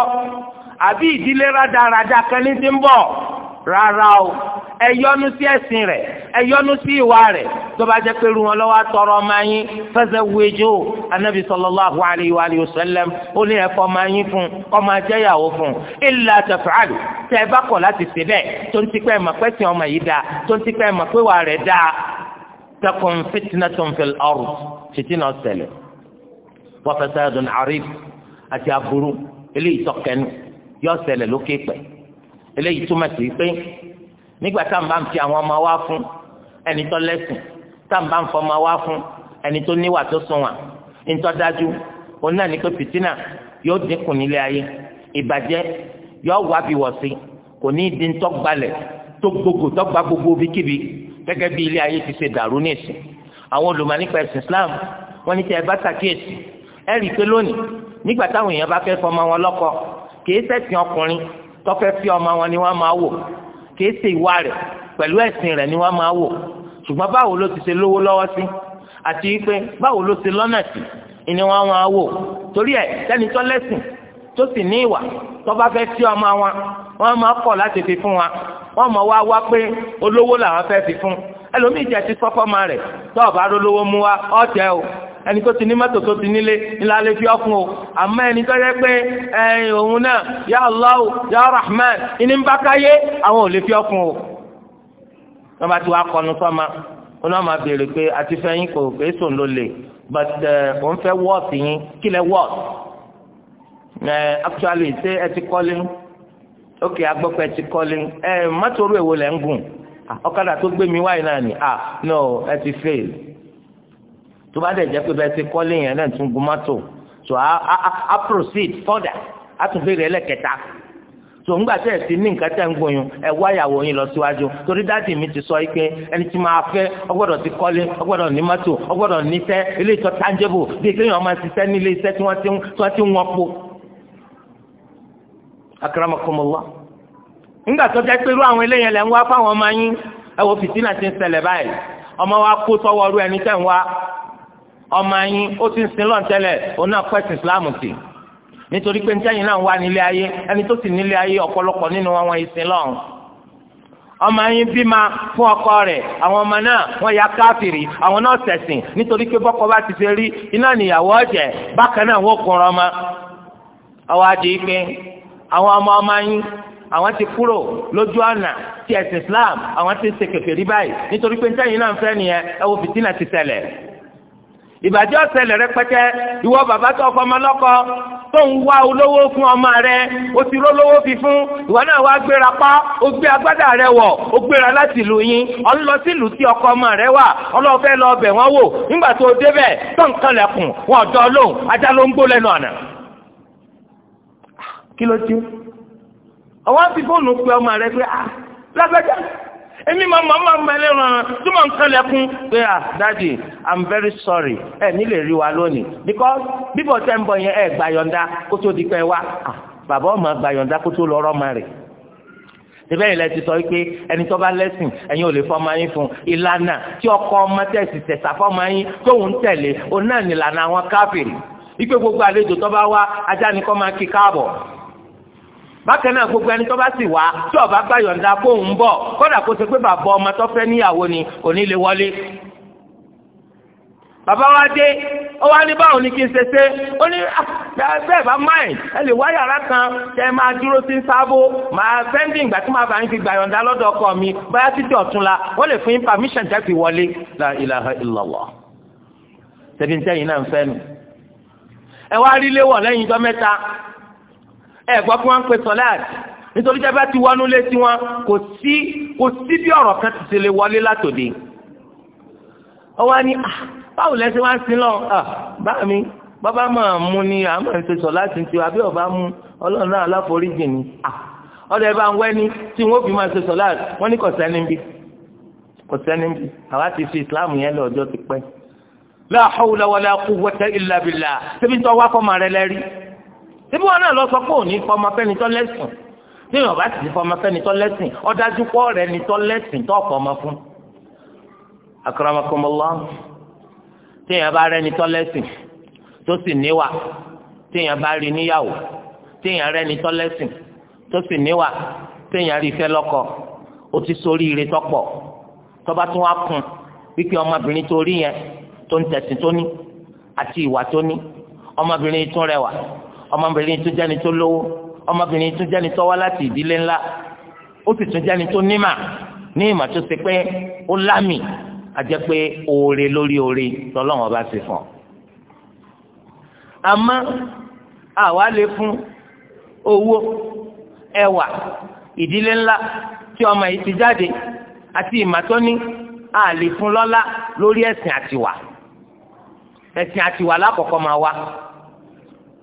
àbí ìdílé rádaràda kan ní ti ń bọ̀ rárá o ẹ yọ́nú sí ẹ̀sìn rẹ̀ ẹ yọ́nú sí ìwà rẹ̀ tó bá jẹ́ pé irú wọn lọ́wọ́ àtọrọ ọmọ yín fazawwiju anabi sallallahu alayhi wa alihi wa sallam ó ní ẹ̀fọ́ ọmọ yín fún ọmọ ajẹ́yàwó fún illa taf'alu tẹ́ ẹ bá kọ̀ láti ṣe bẹ́ẹ̀ tó ń tipẹ́ mọ̀ pé sìn ọmọ yìí dáa tó ń tipẹ́ mọ̀ pé wà rẹ̀ dáa takun fitnatun fil ard fitina ṣẹlẹ̀ wa fasadun arif àti aburú eléyìí tọ́kẹ́nu yọ ṣẹlẹ̀ lókè pẹ̀lú eléyìí túmọ̀ sí pé nígbà tá à ń bá ń fi àwọn ọmọ wa fún ẹni tó lẹ́sìn tá à ń bá ń fọmọ wa fún ẹni tó níwà tó sunwọ̀n ntọ́dájú òun náà ní pé fìtínà yóò dínkù nílé ayé ìbàjẹ́ yóò wá bí wọ̀ sí kò ní di ntọ́ gbalẹ̀ tó gbogbo tó gba gbogbo bíkíbi gẹ́gẹ́ bí ilé ayé ti ṣe dàrú ní ìsìn àwọn olùmọ̀ nípa ẹ̀sìn Islam wọ́n ní tí ẹ bá ṣàkíyèsí ẹ rí i pé lónìí nígbà táwọn èèyàn bá fẹ́ fọmọ wọn lọ́kọ kì í ṣẹ̀sìn ọkùnrin tọ́fẹ́ fi ọmọ wọn ni wọ́n máa wò kìí ṣe ìwà rẹ̀ pẹ̀lú ẹ̀sìn rẹ̀ ni wọ́n máa wò ṣùgbọ́n báwo ló ti ṣe lówó lọ́wọ́ sí àti pé báwo ló ṣe lọ́nà sí ni wọ́n máa wò torí ẹ̀ sẹ́ni tó lẹ́sìn tó sì ní ìwà tó fẹ́ fi ọmọ wọn wọ́n máa kọ̀ láti fi fún wa wọ́n máa wá wá pé olówó làwọn fẹ́ fi fún ẹlòmíì jẹ́ ti fọ́fọ́ ma rẹ̀ tó ọ̀bá mú wa ọ̀tẹ̀ o ẹni tó ti ní mọ́tò tó ti nílé ńlá lè fi ọkùn o àmọ́ ẹni tó yẹ pé ẹ̀yìn òun náà ya Allah ya Rahman ìní ń bá káyé àwọn ò lè fi ọkùn o wọ́n bá ti wá kọnu sọ́ma wọn náà máa béèrè pé àti fẹ́yìn kò fèsò ló lè but òun fẹ́ wọ́ọ̀sì yín kí lẹ wọ́ọ̀sì actually ṣé ẹ ti kọ́lé ok agbọ́pẹ́ ti kọ́lé mọ́tò orú èwo lẹ́ ń gùn ọ̀kadà tó gbé mi wáyé náà ni ah no ẹ ti fail. tó bá dẹ̀ jẹ́ pé bẹ́ẹ̀ ti kọ́lé yẹn náà tún gun so a a a proceed further a tún béèrè ẹlẹ́kẹta so ńgbà tẹ̀ sí ní nǹkan tẹ̀ ń gbóyún ẹ wá ìyàwó yín lọ síwájú torí dáàdì mi ti sọ pé ẹni tí máa fẹ́ ọgbọ́dọ̀ ti kọ́lé ọgbọ́dọ̀ ní mọ́tò ọgbọ́dọ̀ níṣẹ́ ilé ìtọ́ tangible bí kéèyàn máa ṣiṣẹ́ nílé iṣẹ́ tí wọ́n ti ń wọ́n ti ń ọmọ yín ó ti ń sin lọ́n òun náà pẹ́ sí islam sí nítorí pé níjẹ́yìn náà wà nílé ayé ẹni tó sì nílé ayé ọ̀pọ̀lọpọ̀ nínú wọn ìsìn ọmọ yín bímọ fún ọkọ rẹ̀ àwọn ọmọ náà wọ́n ya káfìrí àwọn náà ṣẹ̀sìn nítorí pé bọ́kọ bá ti rí iná níyàwó ọ̀jẹ̀ bákan náà wọ́n àwọn àwọn ọmọ ọmọ yín Islam àwọn ti báyìí nítorí pé náà fẹ́ nìyẹn ẹ ìbàjẹ́ ọ̀sẹ̀lẹ̀ rẹpẹtẹ ìwọ bàbá tó ọkọ ọmọ lọ́kọ tó ń wá olówó fún ọmọ rẹ o ti rólówó fi fún ìwọ náà wá gbéra pa o gbé agbádá rẹ wọ̀ o gbéra láti ìlú yín ọ̀n lọ sí ìlú tí ọkọ ọmọ rẹ wà ọlọ́fẹ́ lọ bẹ̀ wọ́n wò nígbà tó débẹ̀ tó ń kanlẹ̀kùn wọn ọ̀dọ́ lóhùn ajá ló ń gbó lẹ́nu ọ̀nà. kí ló dé àwọn fi fóònù pe ọmọ rẹ pé ah lágbájá èmi máa máa máa mẹ́lẹ́ ràn tí mò ń kẹlẹ̀kùn pé à ah, dáàdì i'm very sorry ẹ nílè rí wa lónìí because bíbọ̀ tẹ́ ń bọ̀ yẹn ẹ gbàyọ̀ǹda kó tó di pẹ́ wá ah, bàbá ọmọ gbàyọ̀ǹda kó tó lọ rọ́mọ rẹ̀ síbẹ̀ yìí lẹ ti sọ pé ẹni tó bá lẹ́sìn ẹ̀yin ò lè fọ́ ọmọ yín fún ìlànà tí ọkọ ọmọ tẹ̀sí tẹ̀sà fọ́mọ yín tóun tẹ̀lé òun náà nìlànà àwọn káfíìn ipe gbogbo àlejò tó bá wá ajá ni kọ́ máa kí káàbọ̀ bákan náà gbogbo ẹni tó bá sì wá tí ọba bá yọ̀ǹda kó ń bọ̀ kódà kó ṣe pé bàbá ọmọ tó fẹ́ níyàwó ni kò lè wọlé bàbá wa dé ó wá ní báwo ni kí n ṣe ṣe ó ní ah, bẹ́ẹ̀ bá máì ẹ lè wá yàrá kan tẹ máa dúró sí sábó máa fẹ́ndì ìgbà tí màá bá yín ti gbà yọ̀ǹda lọ́dọ̀ ọkọ mi bóyá títí ọ̀tún la wọ́n lè fún permission jẹ́ fi wọlé la ilaha illallah tẹ̀bí ń tẹ́yìn náà ń fẹ́ nu ẹ wá rí léwọ̀ lẹ́yìn ẹ gbọ́ fún wa ń pe sọláàtì nítorí jẹ́ bá ti wọnú lé sí wọn kò sí kò sí bí ọ̀rọ̀ kan ti ṣe lè wọlé látòde ọwọ́ ni ah, báwo lẹ́sẹ̀ wá sí lọ ah, bá mi bàbá máa mú ni àmọ́ ìṣe sọláàtì ti àbí ọba mú ọlọ́run náà aláforíjì ni ah, ọ̀dọ̀ ẹ̀ bá ń wẹ́ni tí wọ́n fi máa ṣe sọláàtì wọ́n ní kò sẹ́ni bí kò sẹ́ni bí àwa ti fi ìsìláàmù yẹn lọ ọjọ́ ti pẹ́ la hawla wala quwwata illa billah síbí wọn náà lọ sọ pé òní fọmọ fẹ́ni tọ́ lẹ́sìn tí yóò bá sì ti fọmọ fẹ́ni tọ́ lẹ́sìn ọ̀dájú pọ̀ rẹ ni tọ́ lẹ́sìn tọ́ fọmọ fún. akramakumullah tí yẹn bá rẹ ni tọ́ lẹ́sìn tó sì níwà tí yẹn bá rí níyàwó tí rẹ ni tọ́ lẹ́sìn tó sì níwà tí yẹn rí fẹ́ lọ́kọ ó ti sórí ire tọ́pọ̀ tọ́ba tún wá kún wípé ọmọbìnrin tó rí yẹn tó ń tẹ̀sìn tó àti ìwà tó ọmọbìnrin tó rẹwà ọmọbìnrin tó jẹ́ni tó lówó ọmọbìnrin tó jẹ́ni tó wá láti ìdílé ńlá ó sì tún jẹ́ni tó nímà ní ìmọ̀ tó ṣe pé ó lámì àjẹ́ pé oore lórí oore lọ́lọ́wọ́n bá ṣe fún àmọ́ àwa lè fún owó ẹwà ìdílé ńlá tí ọmọ yìí ti jáde àti ìmọ̀tọ́ni a lè fún lọ́lá lórí ẹ̀sìn àtiwà ẹ̀sìn àtiwà lákọ̀ọ́kọ́ máa wá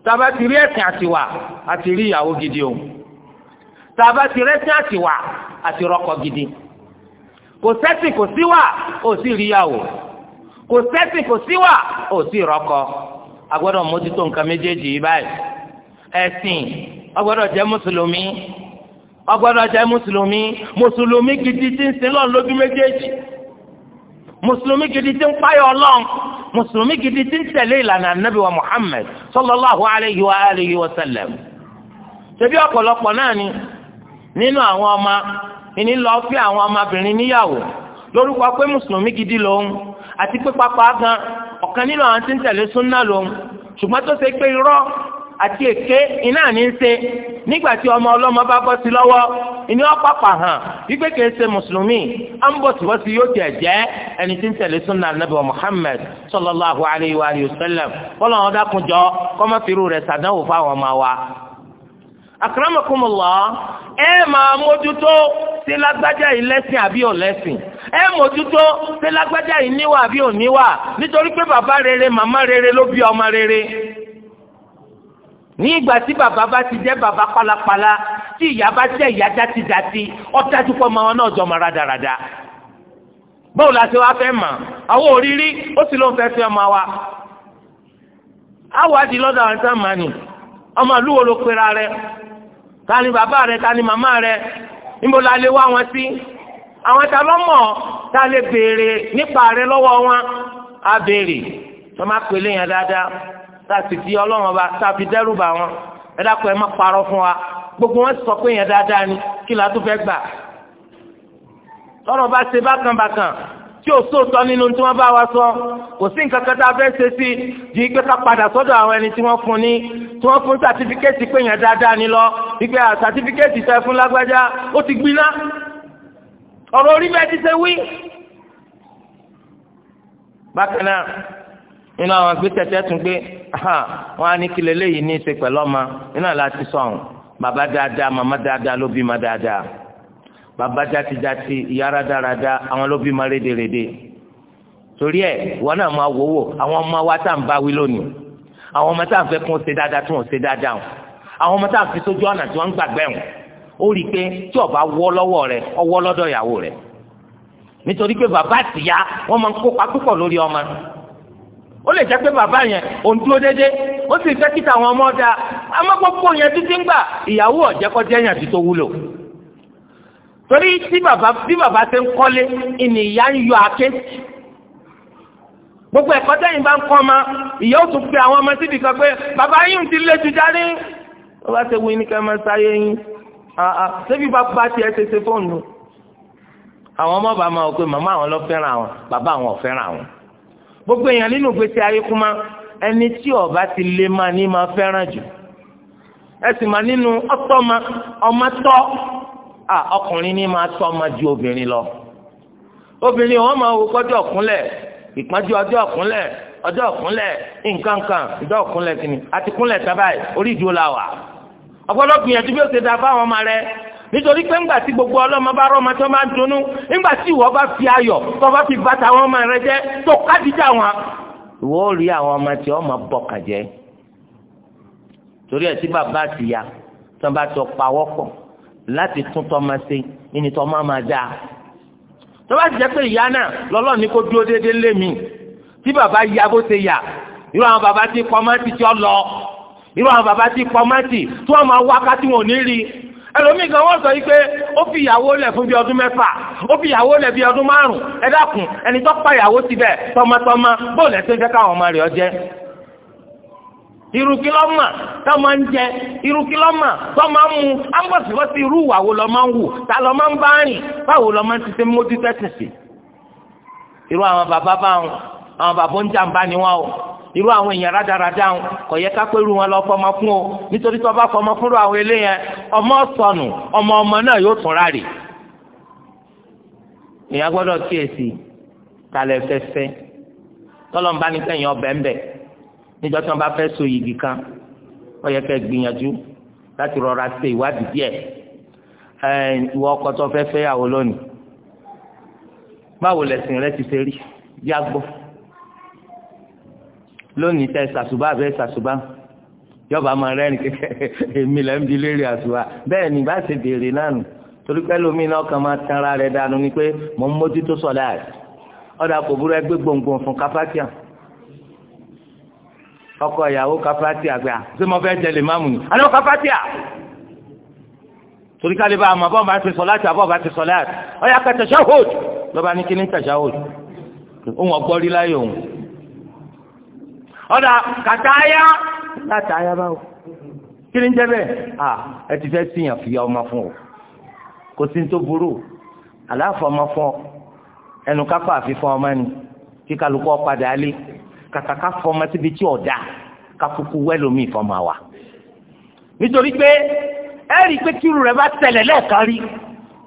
tàbá ti rí ẹ̀sìn àtiwà àti rí ìyàwó gidi o tàbá ti rẹ́sìn àtiwà àti rọ́kọ gidi kò sẹ́sìn kò síwà ò sì rí ìyàwó kò sẹ́sìn kò síwà ò sì rọ́kọ a gbọ́dọ̀ mójútó nǹkan méjèèjì yìí báyìí ẹ̀sìn ó jẹ́ mùsùlùmí ó jẹ́ mùsùlùmí mùsùlùmí gidi ti ń sin lọ́ọ̀ lójú méjèèjì. mùsùlùmí gidi ti ń páyọ Ọlọ́run mùsùlùmí gidi ti ń tẹ̀lé ìlànà anabi wa Muhammad sallallahu alayhi wa alayhi wa sallam ṣebí ọ̀pọ̀lọpọ̀ náà ni nínú àwọn lórúkọ pé mùsùlùmí gidi lòun àti pé pápá gan ọ̀kan nínú àwọn tí ń tẹ̀lé súnná lòun ṣùgbọ́n tó ṣe àti èké iná ní í ṣe nígbà tí ọmọ ọlọ́mọ bá bọ́ sí lọ́wọ́ ìní ọ̀pọ̀pọ̀ hàn wípé kìí ṣe mùsùlùmí à ń bọ̀ síwọ́sí yóò tiẹ̀ jẹ́ ẹni tí ń tẹ̀lé muhammed sallallahu alayhi wa sallam kọ́lọ́ wọn dákun jọ kọ́mọ́ fìrú rẹ̀ sàdánwò fáwọn ọmọ wa. ẹ máa mójútó lágbájá yìí lẹ́sìn àbí ò lẹ́sìn ẹ mójútó lágbájá yìí níwà àbí rere màmá rere ló bí ọmọ rere ní ìgbà tí bàbá bá ti jẹ́ bàbá pálapàla tí ìyá bá jẹ́ ìyá dátidàti ọ̀dájú pọ̀ máa wọn náà jọ máa rádaràda báwo la ṣe wá fẹ́ mọ̀ àwọn òrírí ó sì ló ń fẹ́ fẹ́ ọmọ wa awàdí lọ́dọ̀ àwọn sáà máa nì ọmọ ìlúwo ló pera rẹ ta ni bàbá rẹ ta ni màmá rẹ níbo la lè wá wọn sí àwọn ta ló ta lè béèrè nípa rẹ lọ́wọ́ wọn á béèrè tọ́ máa pèlè yẹn dáadáa tá a sì fi ọlọ́run ọba tá a fi dẹ́rù bà wọn ẹ dákun ẹ má parọ́ fún wa gbogbo wọn sọ pé yẹn dáadáa ni kí la tún fẹ́ gbà tọ́rọ̀ bá ṣe bákanbákan tí ò sóòtọ́ nínú tí wọ́n bá wa sọ kò sí nǹkan kan tá a fẹ́ ṣe sí ju pé ká padà sọ́dọ̀ àwọn ẹni tí wọ́n fún ní tí wọ́n fún sàtífíkẹ́tì pé yẹn dáadáa ni lọ wípé sàtífíkẹ́tì tẹ fún lágbájá ó ti gbiná ọ̀rọ̀ orí bẹ́ẹ̀ ti ṣe wí. bákan náà inú àwọn gbé tẹ́tẹ́ tún gbé wọn á ní kí leléyìí ní í ṣe pẹ̀lú ọmọ inú àlá ti sọ̀hún bàbá dáadáa màmá dáadáa ló bí ma dáadáa bàbá jatijati ìyá rádaràda àwọn ló bí ma rédèrèdè torí ẹ wọn náà máa wò wò àwọn ọmọ wa tá à ń bá wí lónìí àwọn ọmọ tá à ń fẹ́ kún ṣe dáadáa tún ṣe dáadáa o àwọn ọmọ tá à ń fi sójú ọ̀nà tí wọ́n ń gbàgbẹ́ wọn ó rí i pé tí ọba wọ́ lọ́wọ́ rẹ ọwọ́ lọ́dọ̀ ìyàwó rẹ nítorí pé bàbá àtìyá wọ́n máa ń kópa púpọ̀ lórí ọmọ ó lè jẹ́ pé bàbá yẹn òun dúró dédé ó sì fẹ́ kíta àwọn ọmọ dáa amápọ́pọ́ yẹn títí ń gbà ìyàwó ọ̀jẹ́kọ́jẹ́ yẹn ti tó wúlò torí tí bàbá bí bàbá ṣe ń kọ́lé ìní ìyá ń yọ àké gbogbo ẹ̀kọ́ tẹ́yìn bá ń kọ́ ọmọ ìyá ó tún pe àwọn ọmọ síbi kan pé bàbá yín ti lé ju jáde ó bá ṣe wí ní máa sáyé yín ṣébi bàbá tiẹ̀ ṣe ṣe fóònù àwọn ọmọ bàbá gbogbo èèyàn nínú gbèsè ayé ẹni tí ọba ti le ma ní ma fẹ́ràn jù ẹ nínú ọtọ ma ọmọ tọ́ à ọkùnrin ní ma tọ́ ma ju obìnrin lọ obìnrin wọn máa wo kọjọ nkankan àti orí ìdúró la wà gbìyànjú bí ti da fáwọn ọmọ rẹ nítorí pé ńgbà tí gbogbo ọlọ́mọ bá rọ́mọ tó máa ń dunnú ńgbà tí ìwọ bá fi ayọ̀ tó bá fi bàtà àwọn ọmọ rẹ jẹ́ tó kájíjà wọn. ìwọ ò rí àwọn ọmọ tí ọmọ bọ̀ kàjẹ́ torí ẹ̀ tí bàbá àti ìyá tó bá tó pawọ́ pọ̀ láti tún tọ́mọ ṣe nínú tọ́mọ máa dáa tó bá ti jẹ́ pé ìyá náà lọ́lọ́ ní kó dúró déédéé lé mi tí bàbá ya bó ṣe yà irú àwọn bàbá tí pọ́mọ́tì tí ọ lọ irú àwọn bàbá tí pọ́mọ́tì tí wọ́n máa wá ká tí wọ́n ò ní rí ẹlòmíì gan wọ́n sọ yìí pé ó fi ìyàwó lẹ̀ fún bí ọdún mẹ́fà ó fi ìyàwó lẹ̀ bí ọdún márùn-ún ẹ dákun ẹni tó pa ìyàwó síbẹ̀ tọmọtọmọ bóòlù ẹsẹ̀ fẹ́ káwọn ọmọ rẹ̀ ọjẹ́ irú kí lọ́ mà tó máa ń jẹ irú kí lọ́ mà tó máa ń mu ámbọ̀sibọ́sí irú ìwà wo ń wù ta lọ́ máa ń bá rìn báwo lọ́ máa ń ti ṣe mójú sí irú àwọn bàbá báwọn àwọn bàbá ń jàǹbá ni wọ́n o irú àwọn èèyàn rádaràdà ń kò yẹ ká pẹ́rù wọn lọ fọmọ fún o nítorí tó bá fọmọ fúnra àwọn eléyẹn ọmọ sọnù ọmọ ọmọ náà yóò tún rárẹ̀. èèyàn gbọ́dọ̀ kíyèsí talẹ̀ fẹ́fẹ́ tọ́lọ́mbá ní kẹ́yìn ọbẹ̀ ńbẹ̀ níjọ́ tí wọ́n bá fẹ́ so yìgì kan ó yẹ kẹ́ gbìyànjú láti rọra ṣe ìwádìí díẹ̀ ẹ̀ ìwọ ọkọ tó yàwó lónìí báwo lẹ̀sìn rẹ ti ṣe rí bí lónìí tẹ ṣàṣùbà abẹ ṣàṣùbà yọba máa rẹ́rìn kékeré èmi lẹ́ ń bi léèrè àṣùbà bẹ́ẹ̀ ni bá ṣe béèrè náà nù torí pẹ́ lómi náà kàn máa tan ara rẹ̀ dànù ni pé mò ń mójútó sọ̀dá rẹ̀ ọ̀dà kò burú ẹgbẹ́ gbòǹgbò fún káfátíà ọkọ ìyàwó káfátíà gbà ṣé mo fẹ́ jẹlẹ̀ máàmù ni àlọ́ káfátíà torí ká lè bá àmọ́ bọ́ọ̀ bá ti sọ láti àbọ̀ bá ti sọ láti ọ̀yà kẹtẹ̀ṣẹ́ hold lọ́ba ní kíní tẹ̀ṣẹ́ hold òun ọ̀gbọ́rí láyé òun ọ̀dà kàtáyà látàyà báwo kí ni jẹ́ bẹ́ẹ̀ à ẹ ti fẹ́ sìyàn fi ọmọ fún o kò sí tó burú àlàáfọ̀ ọmọ fún ọ ẹnu kápá àfi ọmọ ni kí kálukú ọ̀padà alé kàkàkà fọmọ síbi tí ọ̀dà kakuku wẹ́lómi ìfọmọ wa nítorí pé ẹ̀rí pé kírù rẹ̀ bá tẹ̀lẹ̀ lẹ́ẹ̀kan rí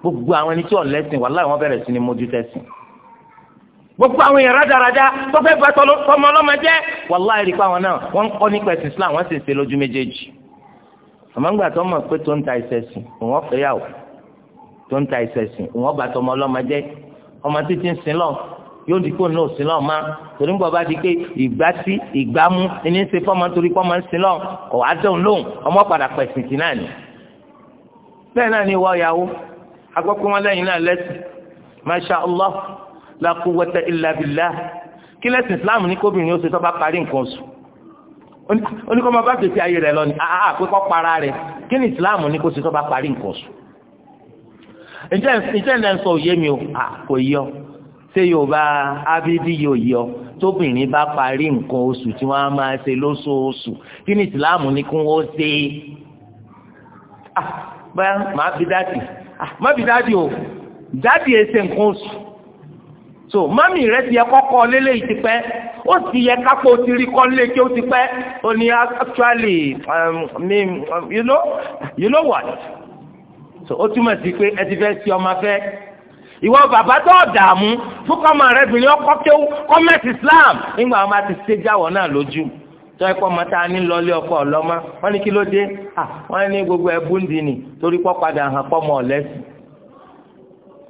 gbogbo àwọn ẹni tí ọ̀lẹ́sìn wàláhì wọ́n bẹ̀rẹ̀ sí ni mójútẹ́sìn gbogbo àwọn èèyàn rádaràda tó fẹ́ bá tọmọ ọlọ́mọ jẹ́ wàláhì rí pa àwọn náà wọ́n ń kọ́ nípa ẹ̀sìn Islam wọ́n sì ń ṣe lójú méjèèjì àmọ́ ńgbà tó mọ̀ pé tó ń ta ìṣẹ̀sìn òun ọ̀fẹ́ yà wò tó ń ta ìṣẹ̀sìn òun ọba tọmọ ọlọ́mọ jẹ́ ọmọ títí ń sin lọ yóò di kó náà sin lọ ma torí ń bọ̀ bá di pé ìgbà sí ìgbà mú ẹni ń ṣe fọ́mọ torí fọ́mọ ń sin lọ kò wá dẹ́hùn lóhùn ọmọ padà pẹ̀sìn tì náà ni bẹ́ẹ̀ náà ni ìwọ ìyàwó agbọ́pẹ́ wọn lẹ́yìn náà lẹ́sìn masha allah la quwwata illa billah kí lẹ́sìn islam ní kóbìnrin ó ṣe tó bá parí nǹkan oṣù oníkọ́ máa bá gbèsè ayé rẹ̀ lọ ni àá ah, ah, pé kọ́ para rẹ̀ kí ni islam ní kó ṣe tó bá parí nǹkan oṣù ǹjẹ́ ǹjẹ́ ǹjẹ́ ń sọ òye mi o ah, kò yọ ṣé yorùbá abidi yóò yọ tóbìnrin bá parí nǹkan oṣù tí wọ́n á máa ṣe lóṣooṣù kí ni islam ní kí wọ́n ṣe bá máa bí dáàdì máa bí dáàdì o dáàdì ẹ ṣe nǹkan oṣù. so mami rẹ ti yẹ kọkọ lélẹ yìí ti pẹ́ ó sì yẹ kápò ti rí kọ ti ó ní actually um, mi um, you know you know what so ó túmọ̀ sí pé ẹ ti fẹ́ sí ọmọ fẹ́ ìwọ bàbá tó dààmú rẹ bìnrin ọkọ kéwú Islam nígbà wọn bá ti ṣe náà lójú tọ́ ẹ̀kọ́ ọmọ tá a ní ọkọ ọlọ́mọ wọ́n ní kí ló dé ah, gbogbo torí pọ́ padà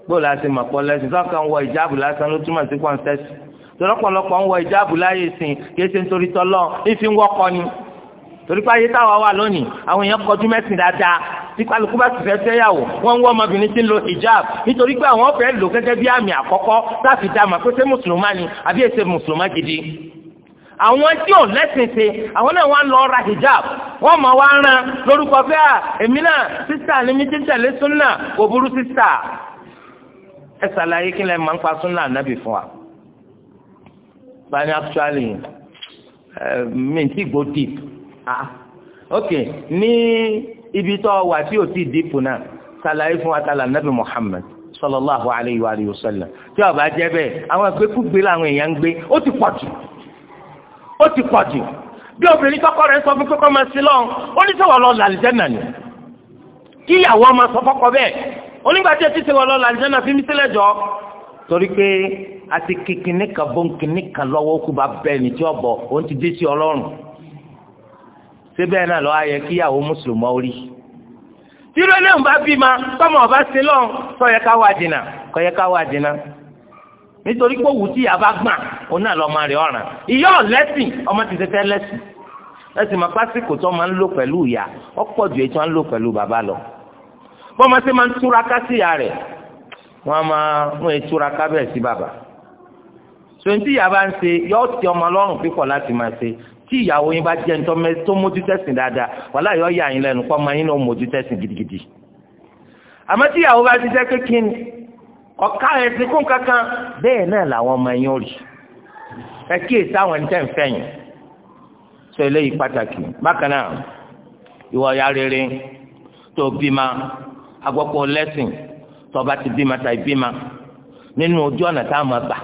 gbọ́dọ̀ láti mọ̀ pọ̀ lẹ́sìn sọ́kàn ń wọ ìjáàbù lásán ló túmọ̀ sí pọ́ńsẹ́sì tọ́lọ́pọ̀lọpọ̀ ń wọ ìjáàbù láyé sìn kìí ṣe nítorí tọ́lọ́ ìfi ń wọ́kọ ni torí pé ayé táwa wà lónìí àwọn èèyàn kọjú mẹ́sìn dáadáa tí kálukú bá sì fẹ́ fẹ́yàwó wọ́n ń wọ́ ọmọbìnrin tí ń lo hijab nítorí pé àwọn fẹ́ lò gẹ́gẹ́ bí àmì àkọ́kọ́ láti dá mà pé ṣé mùsùlùmá ni àbí èsè mùsùlùmá gidi àwọn tí ò lẹ́sìn ṣe àwọn náà wá lọ ra hijab wọ́n mọ̀ wá rán lórúkọ fẹ́ à èmi náà sísà ni mi ti tẹ̀lé súnà kò burú sísà ẹ ṣàlàyé kí lẹ máa ń pa súnà ànábì fún wa báyìí actually mi ti go deep ah ok ní ibi tó wà tí o ti deep náà ṣàlàyé fún wa tààlà ànábì Muhammad sallallahu alayhi wa alihi wa sallam tí ó bá jẹ́ bẹ́ẹ̀ àwọn ìgbékúgbé làwọn èèyàn ń gbé ó ti pọ̀ jù ó ti pọ̀ jù bí obìnrin tọkọ rẹ̀ sọ fún kókó máa sí lọ́hùn ó ní sọ̀rọ̀ lọ làlìjẹ́ nàní kíyàwó ọmọ sọ fọ́kọ bẹ́ẹ̀ onígbà tí ti wọ lọ làǹjẹ́ náà fi mí sílẹ̀ jọ torí pé a ti kí kinní kan bó kan lọ́wọ́ kú bá bẹ́ẹ̀ ní tí ó bọ̀ ó ti dé sí ọlọ́run síbẹ̀ náà lọ́wọ́ ayẹ kíyàwó mùsùlùmọ́ orí tíró náà bá bí ma tọmọ ọba sí lọ ká ọmọ ti tẹ́tẹ́ lẹ́sìn pásíkò tó máa ń lò pẹ̀lú bọ́mọ sí máa ń túraká sí ìyá rẹ̀ wọ́n máa ń wọ́n túraká bẹ́ẹ̀ sí bàbá sọ̀ntì ìyá bá ń ṣe yọ ti ọmọ lọ́rùn pípọ̀ láti máa ṣe tí ìyàwó yín bá jẹ́ ntọ́mẹ tó mójú tẹ̀sìn dáadáa wàhálà yọ yà yín lẹ́nu kọ́ máa yín náà mójú tẹ̀sìn gidigidi àmọ́ tí ìyàwó bá ti jẹ́ kékin ọ̀ka ẹ̀sìn kún kankan bẹ́ẹ̀ náà làwọn ọmọ yín ò rí ẹ kíyèsí àwọn ẹni tẹ́ ń fẹ́ yín sọ eléyìí pàtàkì bákan náà ìwọ ya rere tó bí agbọ́pọ̀ lẹ́sìn tọba ti bímọ tàbí bímọ nínú ojú ọ̀nà táwọn gbà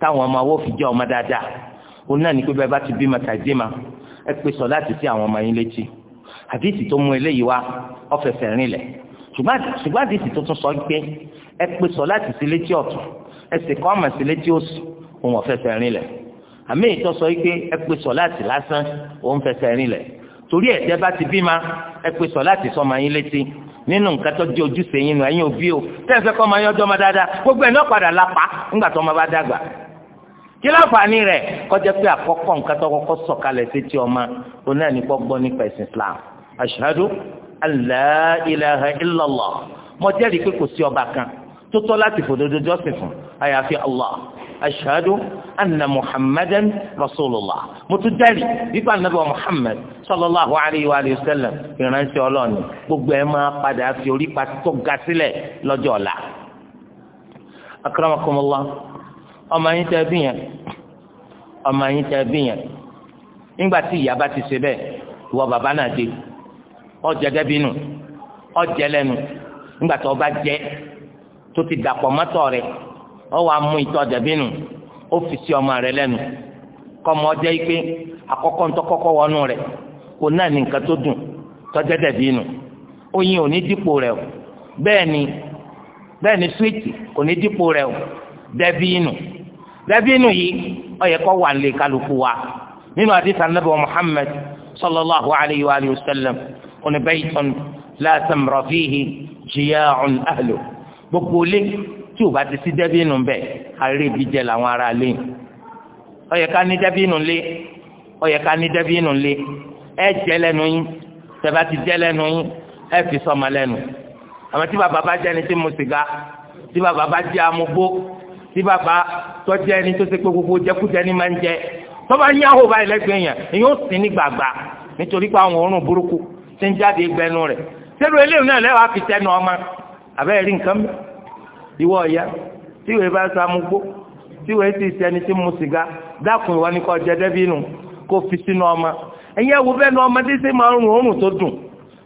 táwọn ọmọ awó fi jẹ́ ọmọ dáadáa òun náà ní pé bẹ́ẹ̀ bá ti bímọ tàbí bímọ ẹ pè sọ láti sí àwọn ọmọ yín létí àdìsí tó mú eléyìí wá ọ̀fẹ̀fẹ̀ rinlẹ̀ ṣùgbọ́n àdìsí tó tún sọ pé ẹ pè sọ láti sí létí ọ̀tún ẹ sì kọ́ ọmọ sí létí òsì òun ọ̀fẹ̀fẹ̀ rinlẹ̀ àmì ìtọ́sọ yìí pé ẹ pè sọ láti lásán òun fẹsẹ̀ rinlẹ̀ torí ẹ̀ tẹ́ bá ti bímọ ẹ pè sọ láti sọmọ yín létí nínú nǹkan tó di ojúṣe yín nù ẹ̀yin òbí o tẹ́sẹ̀ kọ́ ọmọ yín ọjọ́ ọmọ dáadáa gbogbo ẹ̀ náà padà lápá ńgbà tó ọmọ bá dàgbà kí láǹfààní rẹ̀ kọjá pé àkọ́kọ́ nǹkan tó kọ́kọ́ sọ̀kalẹ̀ sétí ọmọ òun náà ní kọ́ gbọ́ nípa ẹ̀sìn Islam ashhadu an la ilaha illallah mo jẹ́rìí pé kò sí ọba kan tó tọ́ láti fòdodo jọ́sìn fún àyàfi Allah ashhadu anna muhammadan rasulullah mo tún dẹ́rì wípé anabi wa muhammad sallallahu alayhi wa sallam ìránṣẹ́ ọlọ́ọ̀ni gbogbo ẹ̀ máa padà fi orí pa tó ga sílẹ̀ lọ́jọ́ ọ̀la. akramakumullah ọmọ yín tẹ́ bí yẹn ọmọ yín tẹ́ bí yẹn nígbà tí ìyá bá ti ṣe bẹ́ẹ̀ ìwọ bàbá náà dé ọjà dẹ́bínú ọjà lẹ́nu nígbà tó ọba jẹ́ tó ti dàpọ̀ mọ́tọ̀ rẹ̀ ọ wàá mú ìtọ́ dẹ̀bí nù ó fi sí ọmọ rẹ lẹ́nu kọ́mọ jẹ́ pé àkọ́kọ́ ńtọ́kọ́kọ́ wọnú rẹ̀ kò náà ní nǹkan tó dùn tọ́jẹ́ dẹ̀bí nù oyin ò ní dípò rẹ̀ o bẹ́ẹ̀ ni bẹ́ẹ̀ ni súwìtì kò ní dípò rẹ̀ o dẹ̀bí nù dẹ̀bí nù yìí ó yẹ wà lè kálukú wa nínú àdìsá nàbẹ Muhammad sallallahu alayhi wa sallam oníbẹ̀yìtàn la samra fihi jiya'un ahlu gbogbo lé tí ò bá ti sí dẹ́bìnù bẹ́ẹ̀ arébíjẹ làwọn ará lé ó yẹ ká ní dẹ́bìnù lé ó yẹ ká ní dẹ́bìnù lé ẹ jẹ lẹ́nu yín tẹ́bá ti jẹ lẹ́nu yín ẹ fi sọmọ lẹ́nu àmọ́ tí bàbá bá jẹ́ ẹni tí mu sìgá tí bàbá bá jẹ́ amugbó tí bàbá tó jẹ́ ẹni tó ṣe pé gbogbo jẹkújẹ ni máa ń jẹ tó bá yá hó báyìí lẹ́gbẹ̀ẹ́ yẹn èyí ó sìn ní gbàgbà nítorí pé àwọn òórùn burúkú ti ń jáde gbẹnu rẹ̀ sẹ́nu eléyìí náà lẹ́wàá fi tẹnu ọmọ àbẹ́rẹ́ rí nǹkan mẹ́rin ìwọ ya, tí ìwé bá samugbó tí ìwé sì sẹni tí mu sìgá dákun ìwọ ni kò jẹ dẹ́bínú kó fi sínú ọmọ ẹ̀yin ẹ̀wò bẹ́ẹ̀ ni ọmọdé ṣe máa ń rùn òórùn tó dùn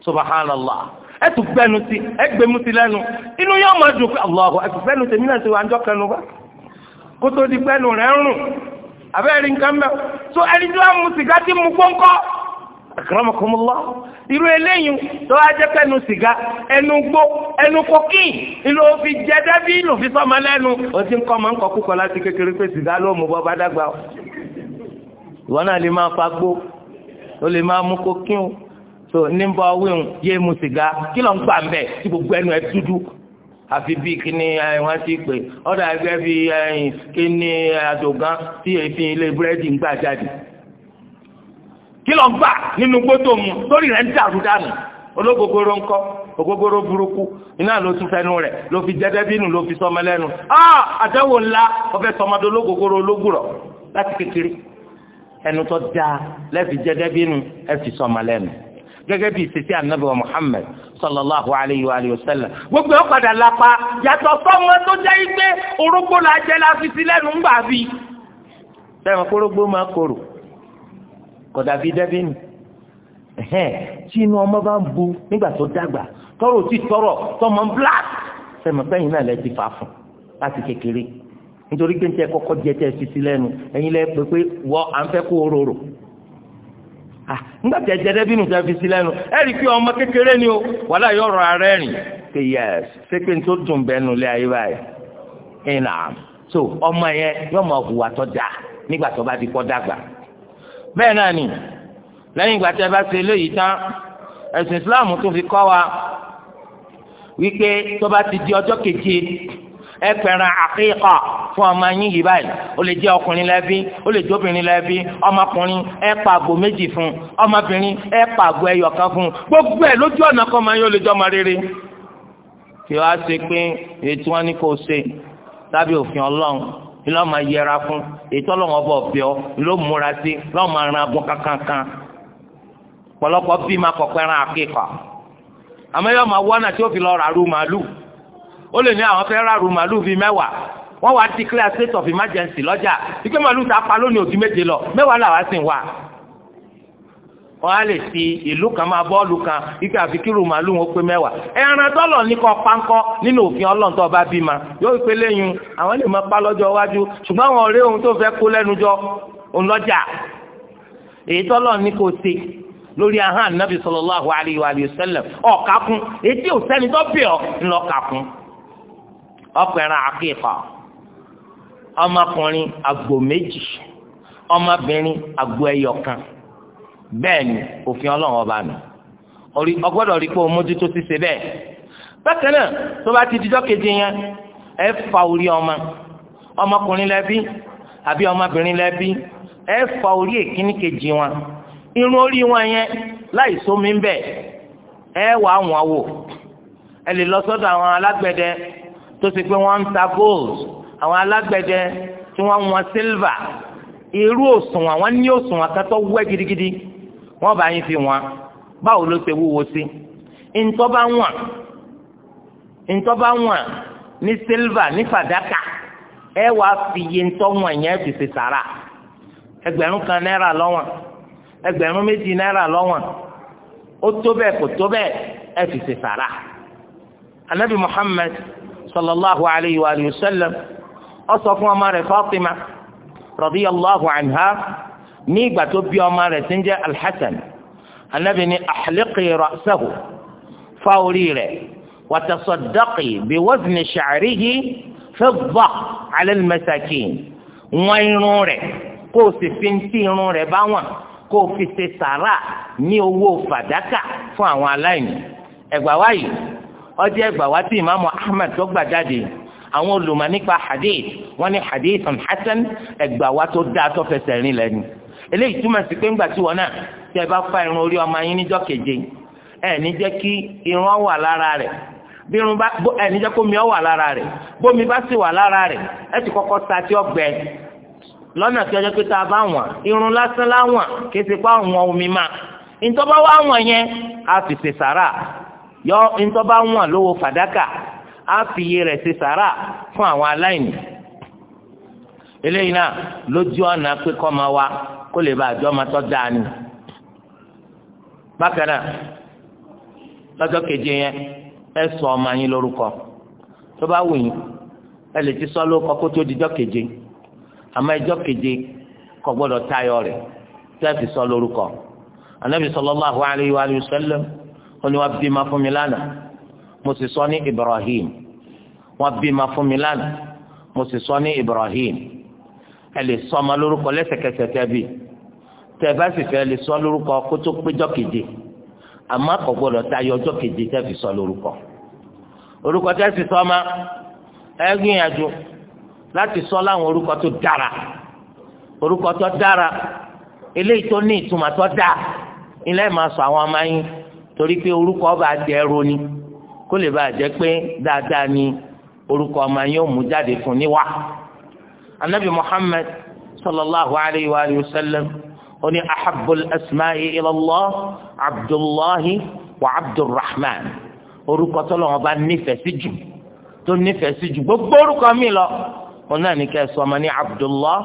subhanallah ẹ tún gbẹnu sí ẹ gbẹmú sí lẹ́nu inú yóò máa dùn pé allah ẹ tún tèmi náà ti wà ń jọkẹnu bá kó di gbẹnu rẹ̀ ń rùn àbẹ́rẹ́ nǹkan mẹ́wọ́ so ẹni tí wọ́n mu sìgá tí mu gbọ́ńkọ́ akramakumullah irú eléyìí tó wá jẹ́ pẹ́nu sìgá ẹnu gbó ẹnu kòkín ìlú òfin jẹ dábí ìlú fi sọ́mọ lẹ́nu ó ti ń kọ́ máa ń kọ́ kúkọ láti kékeré pé sìgá ló mú bọ́ bá dàgbà o ìwọ náà lè máa fagbó ó lè máa mú kòkín o tó ní bọ́ wíwùn yé mu sìgá kí ló ń gbà mbẹ́ tí gbogbo ẹnu ẹ dúdú àfi bíi kíni wọ́n ti pè ọ̀dà ẹgbẹ́ bíi kíni àdògán tí èéfín ilé búrẹ́dì ń gbà jáde kí ló ń gbà nínú gbótó mu lórí rẹ̀ ń dàrú dànù ológogoro ńkọ́ ogogoro burúkú iná ló tún fẹnu rẹ̀ ló fi jẹdẹbínú ló fi sọmọ lẹ́nu ah àdáwò ńlá ọfẹ sọmọdé ológogoro ológùrọ láti kékeré ẹnu tó dáa lẹfi jẹdẹbínú ẹfi sọmọ lẹ́nu gẹ́gẹ́ bíi sisi anabi wa muhammed sallallahu alayhi wa alayhi wa sallam gbogbo ẹ padà lápá yàtọ̀ sọmọ tó jẹ igbe orógbó la jẹ la fi si lẹ́nu ńgbà bí. sẹ́wọ̀n kórógbó máa korò kódà bíi dẹ́bìnì ẹ̀hẹ́n tí inú ọmọ bá ń bu nígbà tó dàgbà tọrọ tí tọrọ tọmọ ń blá sẹmọ sẹyìn náà lẹ fà fún láti kékeré nítorí pé níta kọ́kọ́ jẹ tẹ sisi lẹ́nu ẹ̀yin lẹ pé pé wọ à ń kó nígbà tí tẹ fi si lẹ́nu ẹ rí i pé ọmọ kékeré ni o wàhálà yóò rọ ara rìn pé yẹs ṣé pé n tó dùn so ọmọ yẹn yọmọ bẹ́ẹ̀ náà ni lẹ́yìn ìgbà tí a bá ṣe eléyìí tán ẹ̀sìn islam tún fi kọ́ wa wípé tó bá ti di ọjọ́ keje ẹ fẹ́ràn àkíkà fún ọmọ yín yìí báyìí ó lè jẹ́ ọkùnrin lẹ́bí ó lè jẹ́ obìnrin lẹ́bí ọmọkùnrin ẹ pa àgbò méjì fún ọmọbìnrin ẹ pa àgbò ẹyọ kan fún gbogbo ẹ lójú ọ̀nà kan máa yóò lè jọ ọmọ rere tí wàá ṣe pé ètò wọn ni kò ṣe lábẹ́ òfin ọlọ́run ni lọ́ọ́ máa yẹra fún ètò ọlọ́wọ́n bọ̀ bẹ́ ọ ló múra sí lọ́ọ́ máa ran agbọ́n kankankan pọ̀lọpọ̀ bí máa kọ̀kọ́ ẹran àkíkà àmọ́ yóò máa wọ́nà tí ó fi lọ ràrú màálù ó lè ní àwọn fẹ́ ràrú màálù bíi mẹ́wàá wọ́n wá declare state of emergency lọ́jà ìgbé màálù tá a pa lónìí òdì méje lọ mẹ́wàá làwọn sì ń wà wọ́n á lè fi ìlú kan máa bọ́ọ̀lù kan ike àfikírù màálù wọn pé mẹ́wàá ẹran dọ́lọ̀ ní kọ́ pánkọ́ nínú òfin ọlọ́run tó bá bímọ yóò pé lẹ́yìn àwọn lè máa pa lọ́jọ́ iwájú ṣùgbọ́n àwọn ọ̀rẹ́ ohun tó fẹ́ kó jọ èyí tọ́lọ̀ ní kò ṣe lórí òsẹ́ni tó bẹ̀ ọ́ bẹ́ẹ̀ ni òfin ọlọ́run ọba nù ọgbọ́dọ̀ rí pé o mójútó ṣíṣe bẹ́ẹ̀ bákan náà tó bá ti dijọ́ kejì yẹn ẹ fa orí ọmọ ọmọkùnrin lẹ́bí àbí ọmọbìnrin lẹ́bí ẹ fa orí èkíní kejì wọn irun orí wọn yẹn láì sómi ń bẹ̀ ẹ wà wọn wò ẹ lè lọ sọ́dọ̀ àwọn alágbẹ̀dẹ tó ṣe pé wọ́n ń ta gold àwọn alágbẹ̀dẹ tí wọ́n ń wọn silver irú òṣùwọ̀n wọn ní òṣùwọ̀n akátọ́ wẹ́ gidigidi. wọ́n bá yín fi wọn báwo ló ṣe wúwo sí ntọ́ bá wọn ntọ́ wọn ní sílvà ní fàdákà ẹ wàá fi iye ntọ́ wọn yẹn fi ṣe sàrà ẹgbẹ̀rún kan náírà lọ́wọ́n ẹgbẹ̀rún méjì náírà lọ́wọ́n ó tó bẹ́ẹ̀ kò tó bẹ́ẹ̀ ẹ fi sàrà anabi muhammad sallallahu alayhi wa sallam sọ fún ọmọ fatima radiyallahu anha. ní ìgbà tó bí ọmọ rẹ̀ tí ń jẹ́ alḥasan anabi ni ahliqi ra'sahu fa orí rẹ̀ watasadaqi bi wazni sha'rihi fidda ala al-masakin wọ́n irun rẹ̀ kó o sì fi ń tí irun rẹ̀ bá wọn kó o fi ṣe sàrà ní owó fàdákà fún àwọn aláìní ẹgbà wáyé ọjọ́ ẹgbà wá tí ìmáàmù ahmed tó gbà jáde àwọn olùmọ̀ nípa hadith wọ́n ní hadith hasan ẹgbà wá tó dáa tó fẹsẹ̀ rìn lẹ́nu. eléyìí túmọ̀ sí pé ńgbà tí wọ́n náà tẹ́ fa irun orí ọmọ yín níjọ́ keje ẹ ní jẹ́ kí irun wà lára rẹ̀ bí irun bá ẹ ní jẹ́ kó mi wà lára rẹ̀ bómi bá sì wà lára rẹ̀ ẹ ti kọ́kọ́ sa tí ọgbẹ lọ́nà tí ọjọ́ pé tá a bá wọ̀n irun lásán láwọ̀n kì í ṣe pé omi máa ntọ́ba wà wọ̀n yẹn a fi ṣe sàrà yọ ntọ́ba wọ̀n lówó fàdákà á fi iye rẹ̀ ṣe kó lè bá àjọ ọmọ tó dáa ni bákan náà lọ́jọ́ keje yẹn ẹ sọ ọmọ yín lórúkọ tó bá wù yín ẹ lè ti sọ lórúkọ kó tó dijọ́ keje àmọ́ ẹjọ́ keje kò gbọ́dọ̀ tayọ rẹ̀ tẹ́ fi sọ lórúkọ anabi sallallahu alayhi wa sallam wọn ni wọn bí ma fún mi lánàá mo sì sọ ní Ibrahim wọn bí ma fún mi lánàá mo sì sọ ní Ibrahim ẹ lè sọ ọmọ lórúkọ lẹ́sẹ̀kẹsẹ̀ tẹ́ bíi. tẹ bá lè sọ lórúkọ kó tó péjọ keje àmọ́ kò gbọ́dọ̀ tayọ ọjọ́ keje tẹ́ sọ lórúkọ orúkọ tẹ́ sì sọ ma ẹ gbìyànjú láti sọ láwọn orúkọ tó dára orúkọ tó dára eléyìí tó ní ìtumọ̀ tó dáa ilé máa sọ àwọn ọmọ yín torí pé orúkọ bá jẹ ẹrú ni kó lè bá jẹ pé dáadáa ni orúkọ ọmọ yín ó mú jáde fún níwá anabi muhammed sallallahu alayhi wa sallam. ó ní ahabul asma'i ilallah abdullahi wa abdulrahman orúkọ tó lọ́wọ́ bá nífẹ̀ẹ́ sí jù tó nífẹ̀ẹ́ sí jù gbogbo orúkọ mi lọ wọn náà ní kẹ́ ẹ sọ ọmọ ní abdullah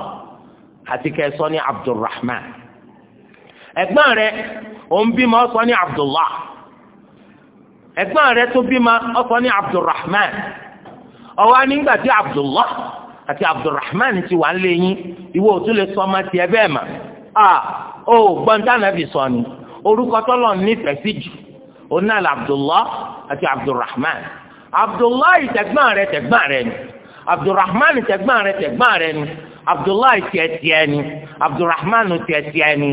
àti kẹ́ ẹ sọ ní abdulrahman ẹ̀gbọ́n rẹ òun bímọ ó sọ ní abdullah ẹ̀gbọ́n rẹ tó bímọ ó sọ ní abdulrahman ọwọ́ anígbà tí abdullah àti abdulrahman ti wà ń lé yín ìwọ ò lè sọ ọmọ tiẹ̀ bẹ́ẹ̀ mọ́ à ó gbọ́ntànàbì sọ ni orúkọ tọ́lọ̀ nífẹ̀ẹ́ sí jù òun náà abdullah àti abdulrahman abdullah tẹ̀gbọ́n rẹ̀ tẹ̀gbọ́n rẹ̀ ni abdulrahman tẹ̀gbọ́n rẹ̀ tẹ̀gbọ́n rẹ̀ ni abdullah tiẹ̀ tiẹ̀ ni abdulrahman tiẹ̀ tiẹ̀ ni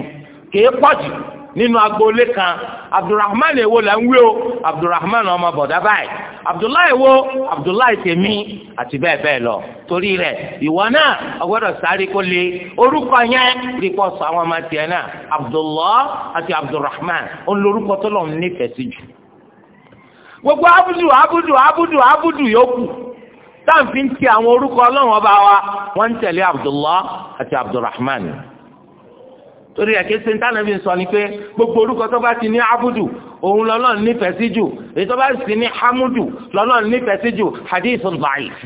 kì pọ̀ jù nínú agboolé kan abdulrahman èwo là ń wí o abdulrahman ọmọ bọ̀dá báyìí abdullahi wo abdullahi tèmi àti bẹ́ẹ̀ bẹ́ẹ̀ lọ torí rẹ̀ ìwọ náà ọgbọ́dọ̀ sáré kó lè orúkọ yẹn rí pọ̀ sọ àwọn ọmọ tiẹ̀ náà abdullahi àti abdulrahman ó tó lọ́n nífẹ̀ẹ́ sí jù gbogbo abudu abudu abudu abudu yòókù táǹfin ti àwọn orúkọ ọlọ́run ọba wa wọ́n ń tẹ̀lé abdullah àti abdulrahman torí ẹ̀kẹ́ ṣe ń tánà bí sọ ni pé gbogbo orúkọ tó bá ti ní abudu òun lọ́lọ́run nífẹ̀ẹ́ sí jù èyí tó bá sì ní hamudu lọ́lọ́run nífẹ̀ẹ́ sí jù hadithun da'if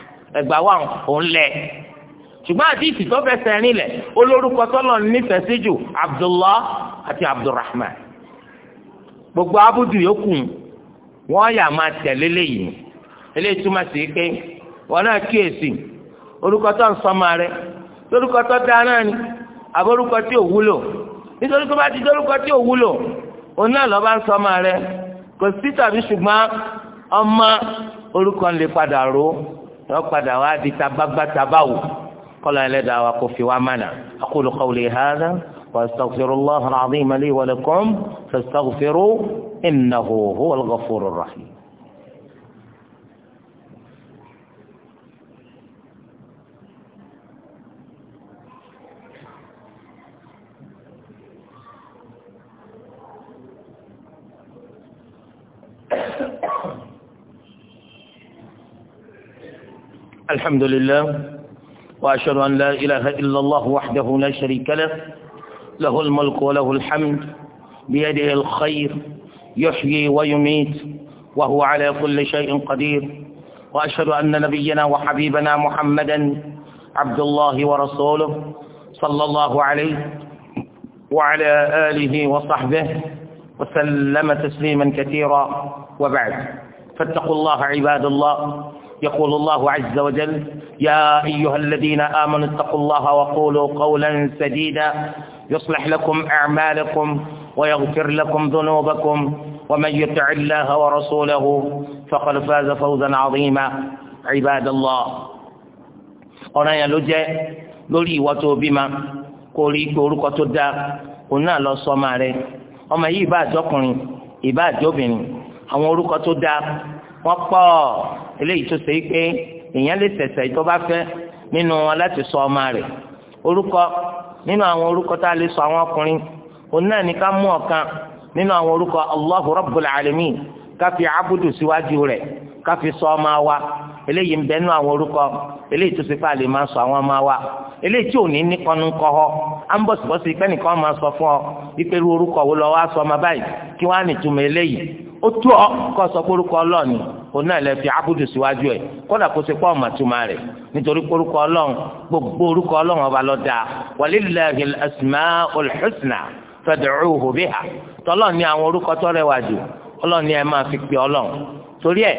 ẹgbà wà òun lẹ̀ ṣùgbọ́n àdìsí tó fẹsẹ̀ rinlẹ̀ olórúkọ tọ́lọ́run nífẹ̀ẹ́ sí jù abdullah àti abdulrahman gbogbo abudu yòókù wọ́n yà máa tẹ̀lé léyìí eléyìí túmọ̀ sí pé wọ́n náà kíyèsí orúkọ tó ń sọ aborúkọ tí ò wúlò nítorí tó bá ti dórúkọ tí ò wúlò òun náà lọ́ọ́ bá ń sọmọ rẹ kò sí tàbí ṣùgbọ́n ọmọ orúkọ ń lè padà ró lọ́ padà wá di tabagbátabáwò kọ́lá ẹlẹ́dàá wa kò fi wá mánà aqulu qawli hadha wa astaghfirullaha al-azim li wa lakum fastaghfiru innahu huwal ghafurur الحمد لله وأشهد أن لا إله إلا الله وحده لا شريك له له الملك وله الحمد بيده الخير يحيي ويميت وهو على كل شيء قدير وأشهد أن نبينا وحبيبنا محمدا عبد الله ورسوله صلى الله عليه وعلى آله وصحبه وسلم تسليما كثيرا وبعد فاتقوا الله عباد الله يقول الله عز وجل يا أيها الذين آمنوا اتقوا الله وقولوا قولا سديدا يصلح لكم أعمالكم ويغفر لكم ذنوبكم ومن يطع الله ورسوله فقد فاز فوزا عظيما عباد الله ọ̀ràn يلجى لولي وتوبما قولي قولك tó قلنا kó صماري orúkọ tó جوكني kó جوبني lọ sọ ọmọ rẹ eléyìí tó ṣe é pé èèyàn lè ṣẹ̀ṣẹ̀ tó bá fẹ́ nínú wọn láti sọ ọmọ rẹ̀ orúkọ nínú àwọn orúkọ tá a lè sọ àwọn ọkùnrin òun náà ní ká mú ọ̀kan nínú àwọn orúkọ Allahu Rabbul abudu síwájú rẹ̀ ká fi sọ ọmọ wa eléyìí ń bẹ nínú àwọn orúkọ eléyìí tó ṣe pé a wa eléyìí tí ò ní ní ń ọ wípé sọ ọmọ báyìí kí wọ́n á nìtumọ̀ eléyìí ó tó ọ sọ pé òun náà lè fi abudu síwájú ẹ̀ kódà kó ṣe pọ́ ọ̀mà túmọ̀ rẹ̀ nítorí orúkọ ọlọ́run gbogbo orúkọ ọlọ́run ọba lọ́dà walillahil asmaul husna fad'uhu biha tọ́lọ́ ní àwọn orúkọ tó rẹwà jù ọlọ́run ní fi pè ọlọ́run torí ẹ̀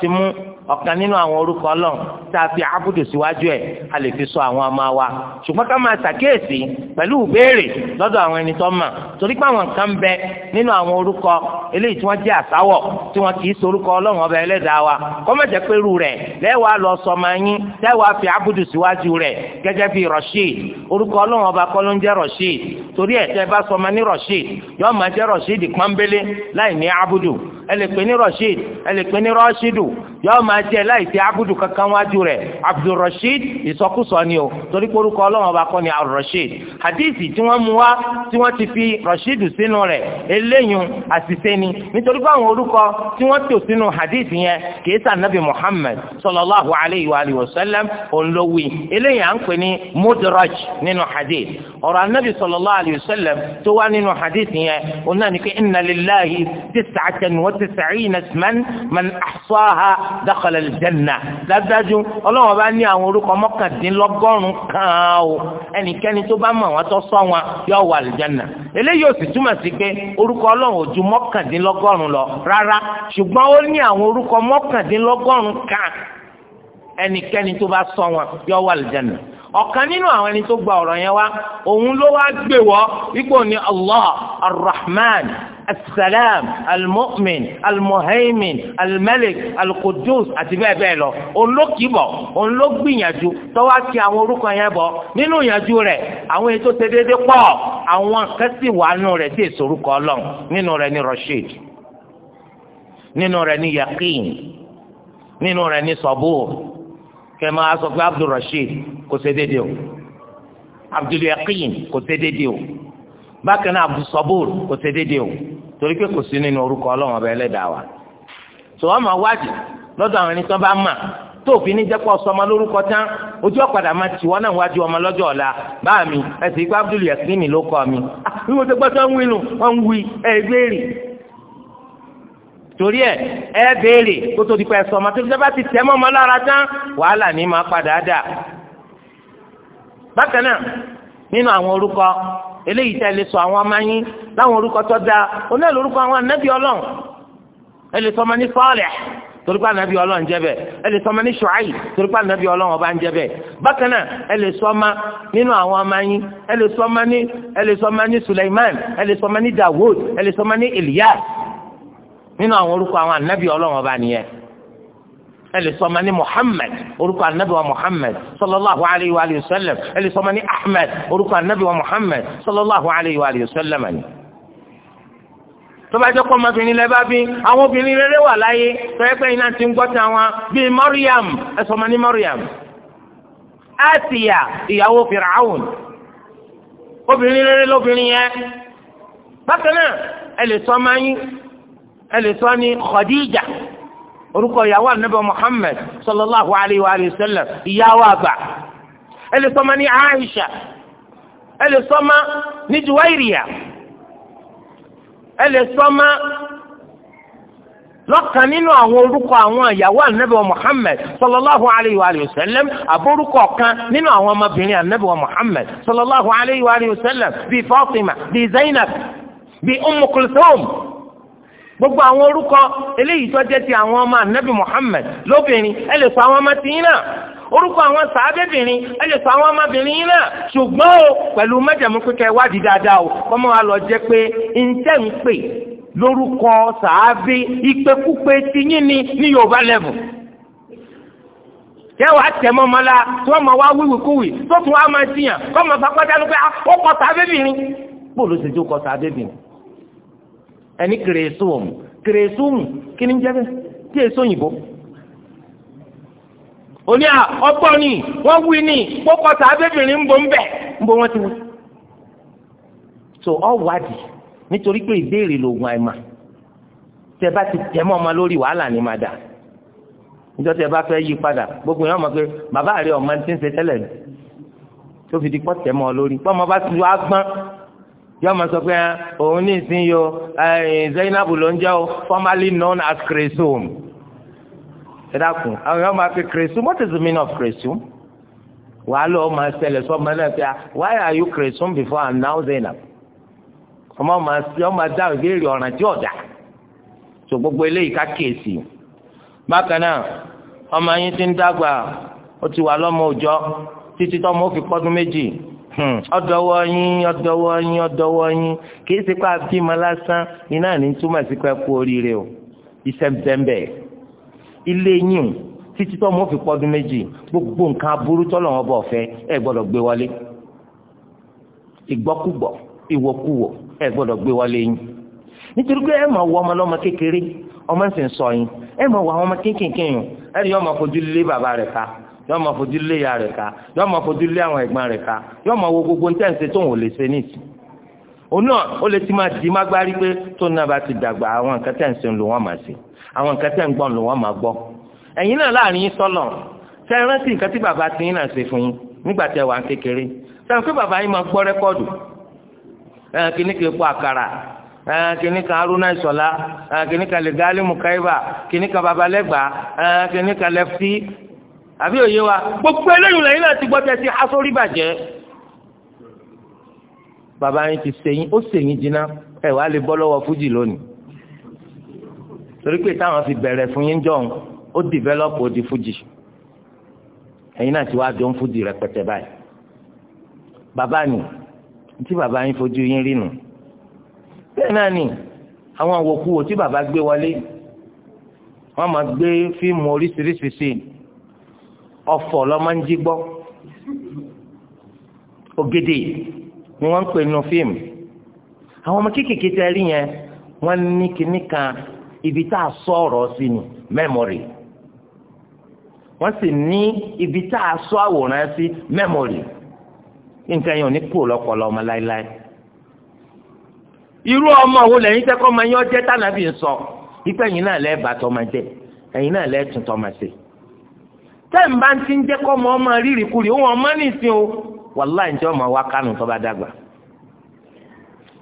ti mú ọ̀kan nínú àwọn orúkọ ọlọ́run tá a fi àbùdù síwájú ẹ̀ a lè fi sọ àwọn ọmọ wa ṣùgbọ́n ká máa ṣàkíyèsí pẹ̀lú ìbéèrè lọ́dọ̀ àwọn ẹni tó mọ̀ torí pé àwọn kan bẹ nínú àwọn orúkọ eléyìí tí wọ́n jẹ́ àsáwọ̀ tí wọ́n kì í sọ orúkọ ọlọ́run ọba ẹlẹ́dàá wa kọ́mọ̀jẹ́ pẹ̀lú rẹ̀ lẹ́wàá lọ sọmọ yín lẹ́wàá fi àbùdù síwájú rẹ̀ gẹ́gẹ́ bí Rashid orúkọ ọlọ́run ọba máa jẹ́ láì sí abudu kankan wájú rẹ̀ abdulrasheed ìsọkúsọ ni o torí pé orúkọ ọlọ́run ọba kọ́ ni alrasheed hadithi tí wọ́n mú wá tí wọ́n ti fi rasheed sínú rẹ̀ eléyìn àṣìṣe ni nítorí pé àwọn orúkọ tí wọ́n tò sínú hadithi yẹn kìí sàn nàbì muhammed sallallahu alayhi wa alihi wa sallam olówì eléyìn à ń pè ní mudraj nínú hadith ọ̀rọ̀ anabi sallallahu alayhi wa sallam tó wá nínú hadithi yẹn òun pé inna lillahi tis'atan wa tis'ina isman man dakhala al-janna dájúdájú ọlọ́wọ́n bá ní àwọn orúkọ mọ́kàndínlọ́gọ́rùn-ún kan o ẹnikẹ́ni tó bá mọ̀ wọ́n tó sọ wọn yóò wà al-janna eléyìí ò sì túmọ̀ sí pé orúkọ ọlọ́wọ́n ò ju mọ́kàndínlọ́gọ́rùn-ún lọ rárá ṣùgbọ́n ó ní àwọn orúkọ mọ́kàndínlọ́gọ́rùn-ún kan ẹnikẹ́ni tó bá sọ wọn yóò wà al ọ̀kan nínú àwọn ẹni tó gba ọ̀rọ̀ yẹn wá òun ló wá gbé wọ́ ipò ní Allah ar-Rahman السلام المؤمن المهيمن الملك alqudus àti bẹ́ẹ̀ bẹ́ẹ̀ lọ òun ló kì í bọ̀ òun ló gbìyànjú tọ́wá kí àwọn orúkọ yẹn bọ̀ nínú ìyànjú rẹ̀ àwọn ètò ṣe déédéé pọ̀ àwọn kan sì wà nù rẹ̀ sí èso orúkọ ọlọ́run nínú rẹ̀ ní rasheed nínú rẹ̀ ní yaqin nínú rẹ̀ ní sabur kẹmọ asọ abdul rasheed kò ṣe o abdul yaqin kò ṣe o bákan náà abdul sabur kò ṣe o torí pé kò sí nínú orúkọ ọlọ́run ọba ẹlẹ́dàá wa tó wọ́n máa wádìí lọ́dọ̀ àwọn ẹni tó bá mà tó òfin ní jẹ́pọ̀ sọmọ lórúkọ tán ojú ọ̀padà máa tì wọ́n náà wájú ọmọ lọ́jọ́ ọ̀la bá mi ẹ̀sìn ipa Abdul Yakini ló kọ́ mi ah, bí mo ti gbọ́ tó ń wí nù wọ́n ń wí ẹ̀ béèrè torí ẹ ẹ béèrè kó tó di pẹ́ sọmọ tó fi ti tẹ́ mọ́ ọmọ lára tán wàhálà ní máa padà dà bákan náà nínú àwọn orúkọ eléyìí tẹ́ lè sọ àwọn ọmọ yín láwọn orúkọ tó dáa oná lórúkọ àwọn anábì ọlọ́run ẹ lè sọ ọmọ ní Salih torípa nàbí ọlọ́run jẹ́ bẹ́ẹ̀ ẹ lè sọ ọmọ ní ṣùáì torípa nàbí ọlọ́run ọba ń jẹ́ bẹ́ẹ̀ bákan náà ẹ lè nínú àwọn ọmọ yín ẹ ní ẹ lè ní Suleiman ẹ lè ní Dawud ẹ lè ní Elias nínú àwọn orúkọ àwọn ànábì ọlọ́run ọba nìyẹn ẹ lè sọ ọmọ ní Muhammad orúkọ anabi wa Muhammad sallallahu alayhi wa alayhi wa sallam ẹ lè sọ ọmọ ní Ahmed orúkọ anabi wa Muhammad sallallahu alayhi wa alayhi wa sallam ni. tó bá jẹ́ kó ọmọbìnrin lẹ́ bá bí àwọn obìnrin rere wà láyé tó iná ti ń gbọ́ ti àwọn bíi Mariam ẹ Mariam Asiya ìyàwó Fir'aun obìnrin rere lóbìnrin yẹn bákan náà ẹ lè Khadija orúkọ ìyàwó ànábì Muhammad sallallahu alayhi wa sallam ìyàwó àgbà ẹ lè sọmọ ní Aisha ẹ lè sọmọ ní Juwairiya ẹ lè sọmọ lọ́kàn nínú àwọn orúkọ àwọn ìyàwó ànábì Muhammad sallallahu alayhi wa sallam àbórúkọ kan nínú àwọn ọmọbìnrin ànábì Muhammad sallallahu alayhi wa sallam bíi Fatima bíi Zainab bíi Umm Kulthum. gbogbo àwọn orúkọ eléyìí tó ti àwọn ọmọ anabi muhammed lóbìnrin ẹ lè sọ àwọn ọmọ tìyín náà orúkọ àwọn sàábẹ́bìnrin ẹ lè sọ àwọn ọmọbìnrin yín náà ṣùgbọ́n o pẹ̀lú mẹ́jẹ̀mú kíkẹ́ wádìí dáadáa o kọ́mọ́ wa lọ jẹ́ pé ǹjẹ́ pè lórúkọ sàábẹ́ tìyín ni ní yorùbá lẹ́bù yẹ wàá tẹ mọ ọmọ la ẹni kìrìsùmù kìrìsùmù kí ni ń jẹ́ bẹ́ẹ̀ tí èso òyìnbó oní à ọgbọ́n ni wọ́n wí ni kókó tàbẹ́bìnrin ń bọ̀ ń bẹ̀ ń bọ̀ wọ́n ti wọ́n. so ọ̀wádìí nítorí pé ìbéèrè lògùn àìmọ̀ tẹ bá ti tẹ mọ́ ọmọ lórí wàhálà ni máa dà níjọ́ tẹ bá fẹ́ yí padà gbogbo yẹn ọmọ pé bàbá rẹ ọmọ ti ń ṣe tẹ́lẹ̀ tó fi di pọ́ tẹ mọ́ ọ lórí pọ́ ọmọ bá ti wá gbọ́n yóò máa sọ pé òun ní ìsinyìí o eh, Zainab ló ń jẹ́ o formerly known as Kresum ẹ àwọn yóò máa pe Kresum what is the meaning of Kresum wàá lọ máa ṣẹlẹ̀ sọ́mọ náà pé why are you Kresum before and now Zainab ọmọ máa ṣe ọmọ dá ìbéèrè ọ̀ràn tí ọ̀dà tó gbogbo eléyìí ká kíyèsí bákan náà ọmọ yín ti ń dàgbà ó ti wà lọ́mọ òòjọ́ títí tọ́mọ ó fi pọ́dún méjì Hmm. ọdọwọ yín ọdọwọ yín ọdọwọ yín kì í ṣe pé abímọ lásán iná ní túmọ̀ sí kú oríire o iṣẹ́ ilé yín títí tó mọ́ fi pọ́dún méjì gbogbo nǹkan aburú bọ̀ fẹ́ ẹ gbọ́dọ̀ gbé wọlé ẹ gbọ́dọ̀ gbé wọlé yín nítorí pé ẹ máa wọ ọmọ lọ́mọ kékeré ọmọ sì ń sọ yín ẹ máa wọ àwọn ọmọ kéékèèké ẹ yóò máa fojú lé ìyá rẹ̀ ká yóò máa fojú lé àwọn ẹ̀gbọ́n rẹ̀ ká yóò máa wo gbogbo ní tẹ̀sí tóun ò lè ṣe nìyí òun náà ó lè ti máa dì í má gbárí pé tó náà bá ti dàgbà àwọn nǹkan tẹ̀ ń ṣe ló wọ́n máa ṣe àwọn nǹkan tẹ̀ ń gbọ́ ló wọ́n máa gbọ́ ẹ̀yin náà láàrin yín sọ́lọ̀ tẹ́ ẹ rántí nǹkan tí bàbá ti yín náà ṣe fún yín nígbà tẹ́ wà ń kékeré tẹ́ ẹ pé bàbá yín mukaiba kìíní kan babalẹ́gbà kìíní àbí òye wa gbogbo eléyìí lẹ́yìn náà ti gbọ́dọ̀ ti aṣọ́rí bàjẹ́. bàbá yín ti sẹ́yìn ó sẹ́yìn jiná ẹ̀ wá lè bọ́ lọ́wọ́ fújì lónìí torí pé táwọn fi bẹ̀rẹ̀ fún yín jọ̀hún ó dìvẹ́lọ́pù ó di fújì ẹ̀yin náà ti wá jọ ń fújì rẹpẹtẹ báyìí. bàbá ni tí bàbá yín fojú yín rí nù bẹ́ẹ̀ náà ni àwọn àwòkúwò tí bàbá gbé wọlé wọ́n máa gbé fíìmù oríṣiríṣi sí i ọ̀fọ̀ ma ń jí gbọ́ ni wọn ń pè nínú fíìmù àwọn ọmọ kéékèèké rí yẹn ní kan ibi tá a sọ ọ̀rọ̀ sí ni mẹ́mọ̀rì sì ní ibi tá a sọ àwòrán sí mẹ́mọ̀rì nǹkan yẹn ò ní ọmọ láéláé irú ọmọ wo ọmọ yẹn ọjẹ́ tànàbí ń sọ náà jẹ tẹ́ǹ bá ń ti ń jẹ́ kọ́ ọmọ ọmọ rírì kúrì ó wọn ọmọ nìsín o wàláì ǹjẹ́ ọmọ wa kánú tó bá dàgbà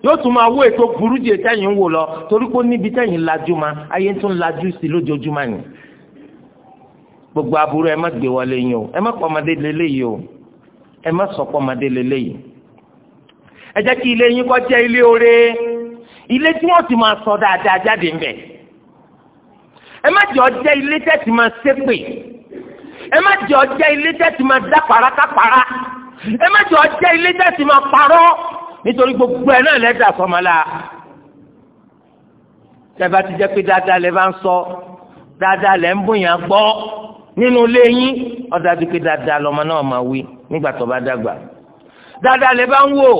yóò tún máa wó ètò burú jẹ tẹ́yìn ń wò lọ torí pé níbi tẹ́yìn lajú ma ayé tún lajú sí lójoojúmọ́ ni gbogbo aburú ẹ má gbé wọlé yín o ẹ má pọ ọmọdé lélẹ yìí o ẹ má sọ pọ ọmọdé lélẹ yìí ẹ jẹ́ kí ilé yín kó jẹ́ ilé oore ilé tí wọ́n ti máa sọ dáadáa jáde ńbẹ̀ ẹ má jẹ́ ilé ẹ má jẹ́ ọjẹ́ ilé tẹ́tì máa dá parakapara ẹ má jẹ́ ọjẹ́ ilé tẹ́tì máa parọ́ nítorí gbogbo ẹ̀ náà lẹ́dà sọmọlá tẹ́fà ti jẹ́ pé dáadáa lẹ́ bá ń sọ dáadáa lẹ́ ń bóyá gbọ́ nínú ilé yín ọ̀dà bíi pé dáadáa lọ́mọ náà máa wí nígbà tó bá dàgbà dáadáa lẹ́ bá ń wò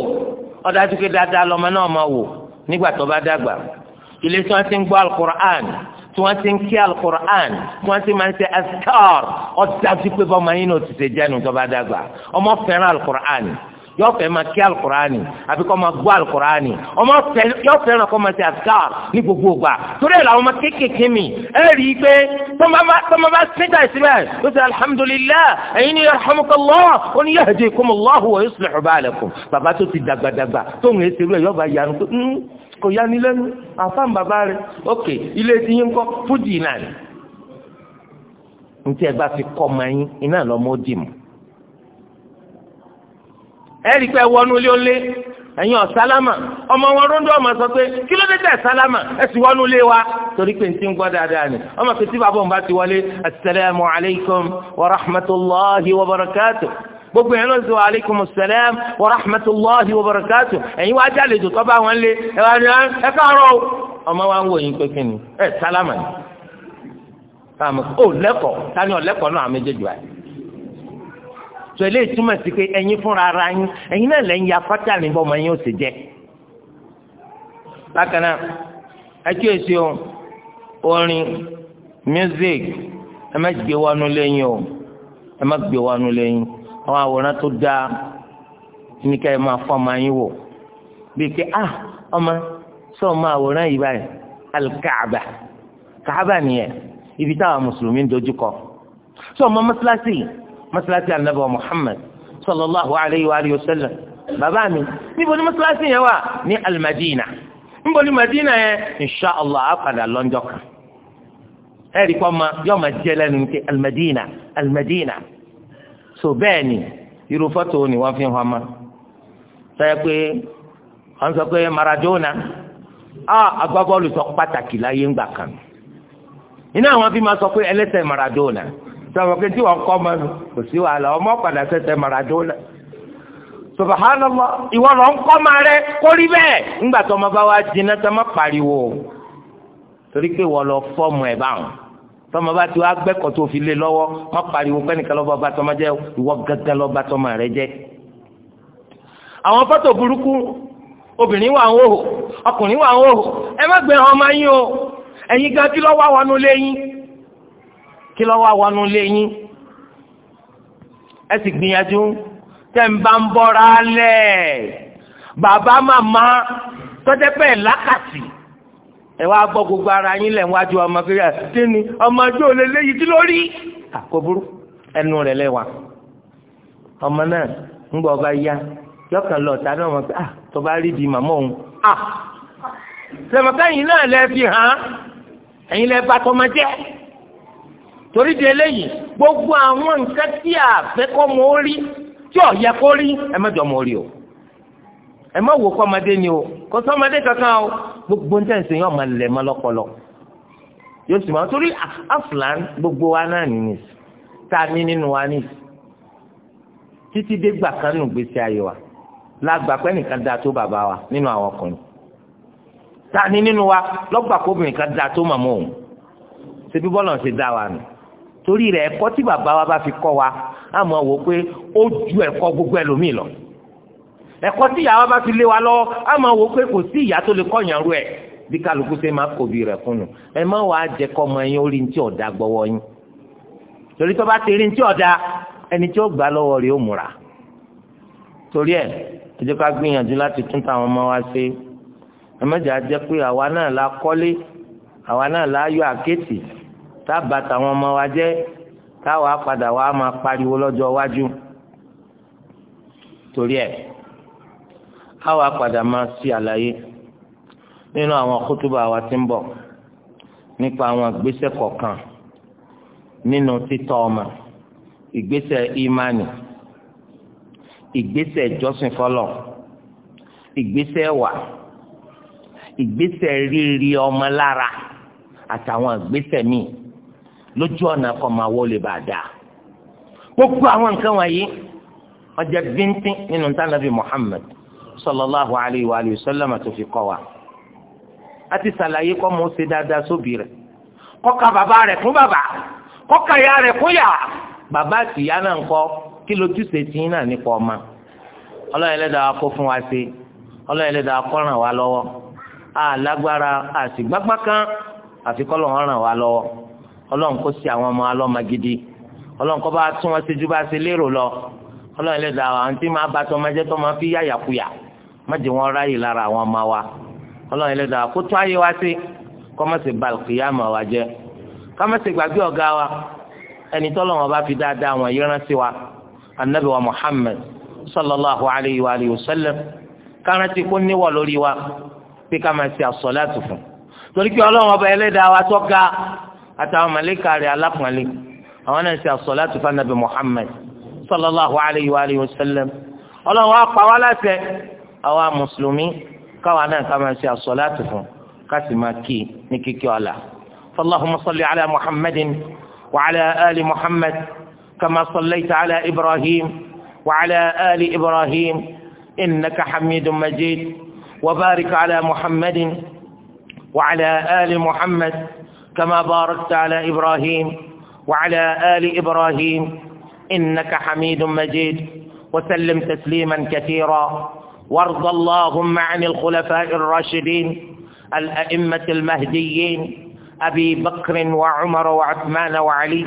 ọ̀dà bíi pé dáadáa lọ́mọ náà máa wò nígbà tó bá dàgbà ilé tí wọ́n ti ń gbọ́ alukur'an tí wọ́n ti ń kí alukur'an tí wọ́n ti máa ń ṣe askar ọ̀dájú pé bọ́mọ yín náà ti ṣe jẹ́nu tó bá dàgbà ọmọ fẹ́ràn alukur'an yọ fẹ́ máa kí alukur'ani àbí kọ́ máa gbọ́ alukur'ani ọmọ fẹ́ yọ fẹ́ràn kọ́ máa ṣe askar ní gbogbo ìgbà torí ẹ̀ làwọn ọmọ kéékèèké mi ẹ rí i pé tọ́mọ bá síta ìsibẹ̀ ó sọ alhamdulillah ẹ̀yin ni yarhamukallah ó ní yahdikumullahu wa yuslihu balakum kò yanilẹ́nu àfáàn bàbá rẹ̀ ok ilé tí yín kọ́ fújì náà ni ntí ẹ bá fi kọ́ ọmọ yín iná lọ́mọ ó dì mọ́ ẹ̀rí pé wọnú ilé ńlé ẹ̀yin ọ̀sálámà ọmọ wọn ròndó ọmọ sọ pé kí ló dé tẹ̀ sálámà ẹ sì wọnú ilé wa torí pé ntí ń gbọ́ dáadáa ni ọmọ pé tí bàbá òun bá ti wọlé asalaamu alaykum wa rahmatulahi wa barakatuh gbogbo yẹn ló ń sọ aleykum salam wa rahmatulahi wa barakatu ẹ̀yin wá jáde tó tọ́ bá wọn lé ẹ wá ní ẹ káàárọ̀ o ọmọ wa ń wò yín pé kí ni ẹ sálámà ni káàmù ó lẹ́kọ̀ọ́ tani ọ̀lẹ́kọ̀ọ́ náà àmì jẹjọ ẹ̀ tó ilé ìtumọ̀ sí pé ẹ̀yin fúnra ara yín ẹ̀yin náà lẹ́yìn ya fátà ní bọ́ọ̀mọ yín ó sì jẹ́ bákan náà ẹ kíyèsí o orin music ẹ má gbé wọnú lẹ́yìn o ẹ má gbé wọnú lẹ́yìn àwọn àwòrán tó dáa ní ká ẹ máa fọ́ ọmọ yín wò bíi pé ah ọmọ sọ ọmọ àwòrán yìí báyìí alikaaba kaaba nìyẹn ibi táwọn mùsùlùmí ń dojú kọ sọ ọmọ mọ́sálásì mọ́sálásì anabi muhammad sallallahu alayhi wa alihi wa sallam bàbá mi níbo ni mọ́sálásì yẹn wà ní alimadina níbo ni madina yẹn insha allah apàdà lọ́njọ́ kan ẹ̀rí kọ́ ma yọ ma jẹ́ lẹ́nu ní alimadina alimadina. so bẹ́ẹ̀ ni irú fọ́tò ni wọ́n fi hàn ma sọ́yẹ́ pé wọ́n sọ pé Maradona ah agbábọ́ọ̀lù sọ pàtàkì láyé ńgbà kan iná àwọn fi máa sọ pé ẹlẹ́sẹ̀ Maradona sọ̀rọ̀ pé tí wọ́n kọ́ mọ́ kò sí wàhálà sẹ́sẹ̀ Maradona ìwọ lọ ń kọ́ máa rẹ kó tọmọ bá ti wá gbẹ́kọ̀ tó fi lé lọ́wọ́ má pariwo pẹ́nìkan lọ́ba bá tọmọ jẹ́ ìwọ gángan lọ́ba tọmọ rẹ jẹ́. àwọn fọ́tò burúkú obìnrin wà ń hòhò ọkùnrin wà ń hòhò ẹ má gbé ọmọ yín o ẹ̀yin gan kí lọ́wọ́ wọnú lé kí lọ́wọ́ wọnú lé ẹ sì gbìyànjú tẹ́ ń bá ń bọ́ra lẹ̀ bàbá màmá tọ́jẹ́ bẹ́ẹ̀ lákàtì. ẹ wá gbogbo ara yín lẹ̀ wájú ọmọ kiri ni ọmọ lè léyìí kí ló rí. àkóbúrú ẹnu rẹ̀ lẹ́wà ọmọ náà ń ọba ya yọkàn lọ ta náà wọn pé ah tó bá rí di màmá òun ah sẹmọkẹyìn náà lẹ fi hàn ẹ̀yin lẹ bá gbogbo àwọn nǹkan tí a fẹ́ kọ́ mọ ó rí tí ò yẹ kó rí jọ o ọmọdé ni o. gbogbo ń tẹ̀sí yóò máa lẹ̀ mọ́ lọ́pọlọ yóò sì máa torí afúlàn gbogbo wa náà nìyí tá a ní nínú wa nìyí títí dé gbà kan nù gbèsè ayé wa lágbà pé nìkan dáa tó bàbá wa nínú àwọn ọkùnrin tá a ní nínú wa lọ́gbà kó obìnrin kan dáa tó màmá òun ṣe bọ́lọ̀ ṣe dá wa nù torí rẹ̀ ẹ̀kọ́ tí bàbá wa bá fi kọ́ wa á mọ̀ wò pé ó ju ẹ̀kọ́ gbogbo ẹlòmíì lọ ẹ̀kọ́ tí ìyá wa bá fi lé wa lọ́wọ́ á máa wò pé kò sí ìyá tó lè kọ́yàn rú ẹ̀ bí kálukú ṣe máa kòbí rẹ̀ fún un ẹ má wàá jẹ kọ́ ọmọ yín orí ntí ọ̀dà gbọ́wọ́ yín torí tó bá ti rí ntí ọ̀dà ẹni tí ó gbà lọ́wọ́ rẹ̀ ó múra torí ẹ̀ ẹ ká gbìyànjú láti tún táwọn ọmọ wa ṣe ẹ má jà jẹ́ pé àwa náà la kọ́lé àwa náà la yọ àkéètì tá a bá táwọn ọmọ wa jẹ́ táwa padà wa máa pariwo lọ́jọ́ iwájú torí ẹ̀ àwa padà máa ṣe àlàyé nínú àwọn kútúbà wa tí ń bọ̀ nípa àwọn ìgbésẹ̀ kọ̀ọ̀kan nínú títọ́ ọmọ ìgbésẹ̀ ìmánì ìgbésẹ̀ ìjọsìn fọlọ́ ìgbésẹ̀ ẹwà ìgbésẹ̀ rírí ọmọ lára àtàwọn ìgbésẹ̀ míì lójú ọ̀nà kọ́ máa wọlé bá dáa gbogbo àwọn nǹkan wọ̀nyí ọjà bíntín nínú tánàbí Muhammad sallallahu alayhi wa sallam tó fi kọ́ wa a ti sàlàyé kọ́ mọ́ ṣe dáadáa sóbì rẹ̀ kọ́ka bàbá rẹ̀ fún bàbá kọ́ka ìyá rẹ̀ fún yà bàbá àti ìyá náà ń kọ́ kí lójúṣe tí ń náà nípa ọmọ ọlọ́run ẹlẹ́dàá kó fún wa ṣe ọlọ́run ẹlẹ́dàá kó ràn wá lọ́wọ́ alágbára àtìgbágbá kan àfi kọ́ ràn wá lọ́wọ́ ọlọ́run kó ṣe àwọn ọmọ alọ́mọ gidi ọlọ́run kó bá tún wọn ṣe ju bá ṣe lérò lọ ọlọ́run ẹlẹ́dàá àwọn tí máa bá tọmọ tọmọ fi yáyàkuyà má jẹ́ wọn ráyè lára àwọn ọmọ wa ọlọ́run ẹlẹ́dàá kó tún ayé wa sí kọ́mọ́sì balùkìyàmọ̀ wa jẹ́ kọ́mọ́sì gbàgbé ọ̀gá wa ẹni tọ́lọ́wọ́n bá fi dáadáa wọn yẹran sí wa anabi wa muhammed sallallahu alayhi wa alihi wa sallam káràntì kó níwọ̀ lórí wa pé ká máa ṣe àsọ̀láàtù fún torí pé ọlọ́run ọba ẹlẹ́dàá wa tó ga àtàwọn màlẹ́kà rẹ̀ alápọ̀nlé àwọn náà ṣe àsọ̀láàtù fún anabi muhammed sallallahu alayhi wa alihi wa sallam ọlọ́run wa pa wá láṣẹ àwa mùsùlùmí káwa náà ká máa ṣe àsọ̀láàtì fún ká sì máa kí ní kíkí ọ̀la. فاللهم صل على محمد وعلى آل محمد كما صليت على إبراهيم وعلى آل إبراهيم إنك حميد مجيد وبارك على محمد وعلى آل محمد كما باركت على إبراهيم وعلى آل إبراهيم إنك حميد مجيد وسلم تسليما كثيرا وارض اللهم عن الخلفاء الراشدين الأئمة المهديين أبي بكر وعمر وعثمان وعلي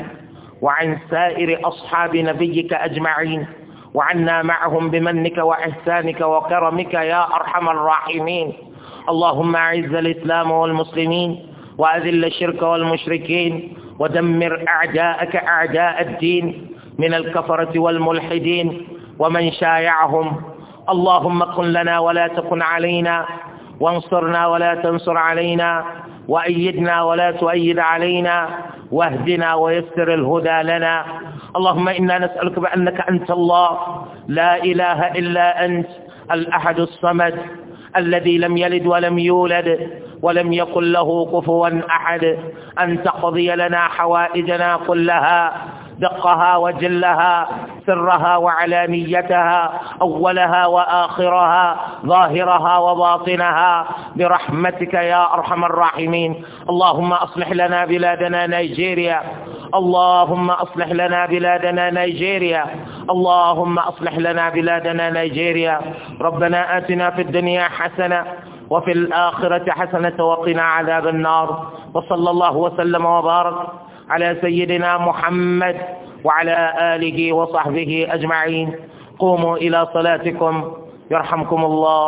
وعن سائر أصحاب نبيك أجمعين وعنا معهم بمنك وإحسانك وكرمك يا أرحم الراحمين اللهم أعز الإسلام والمسلمين وأذل الشرك والمشركين ودمر أعداءك أعداء الدين من الكفرة والملحدين ومن شايعهم اللهم كن لنا ولا تكن علينا وانصرنا ولا تنصر علينا وأيدنا ولا تؤيد علينا واهدنا ويسر الهدى لنا اللهم إنا نسألك بأنك أنت الله لا إله إلا أنت الأحد الصمد الذي لم يلد ولم يولد ولم يكن له كفوا أحد أن تقضي لنا حوائجنا كلها دقها وجلها سرها وعلانيتها أولها وآخرها ظاهرها وباطنها برحمتك يا أرحم الراحمين اللهم أصلح لنا بلادنا نيجيريا اللهم أصلح لنا بلادنا نيجيريا اللهم أصلح لنا بلادنا نيجيريا ربنا آتنا في الدنيا حسنة وفي الآخرة حسنة وقنا عذاب النار وصلى الله وسلم وبارك على سيدنا محمد وعلى آله وصحبه أجمعين قوموا إلى صلاتكم يرحمكم الله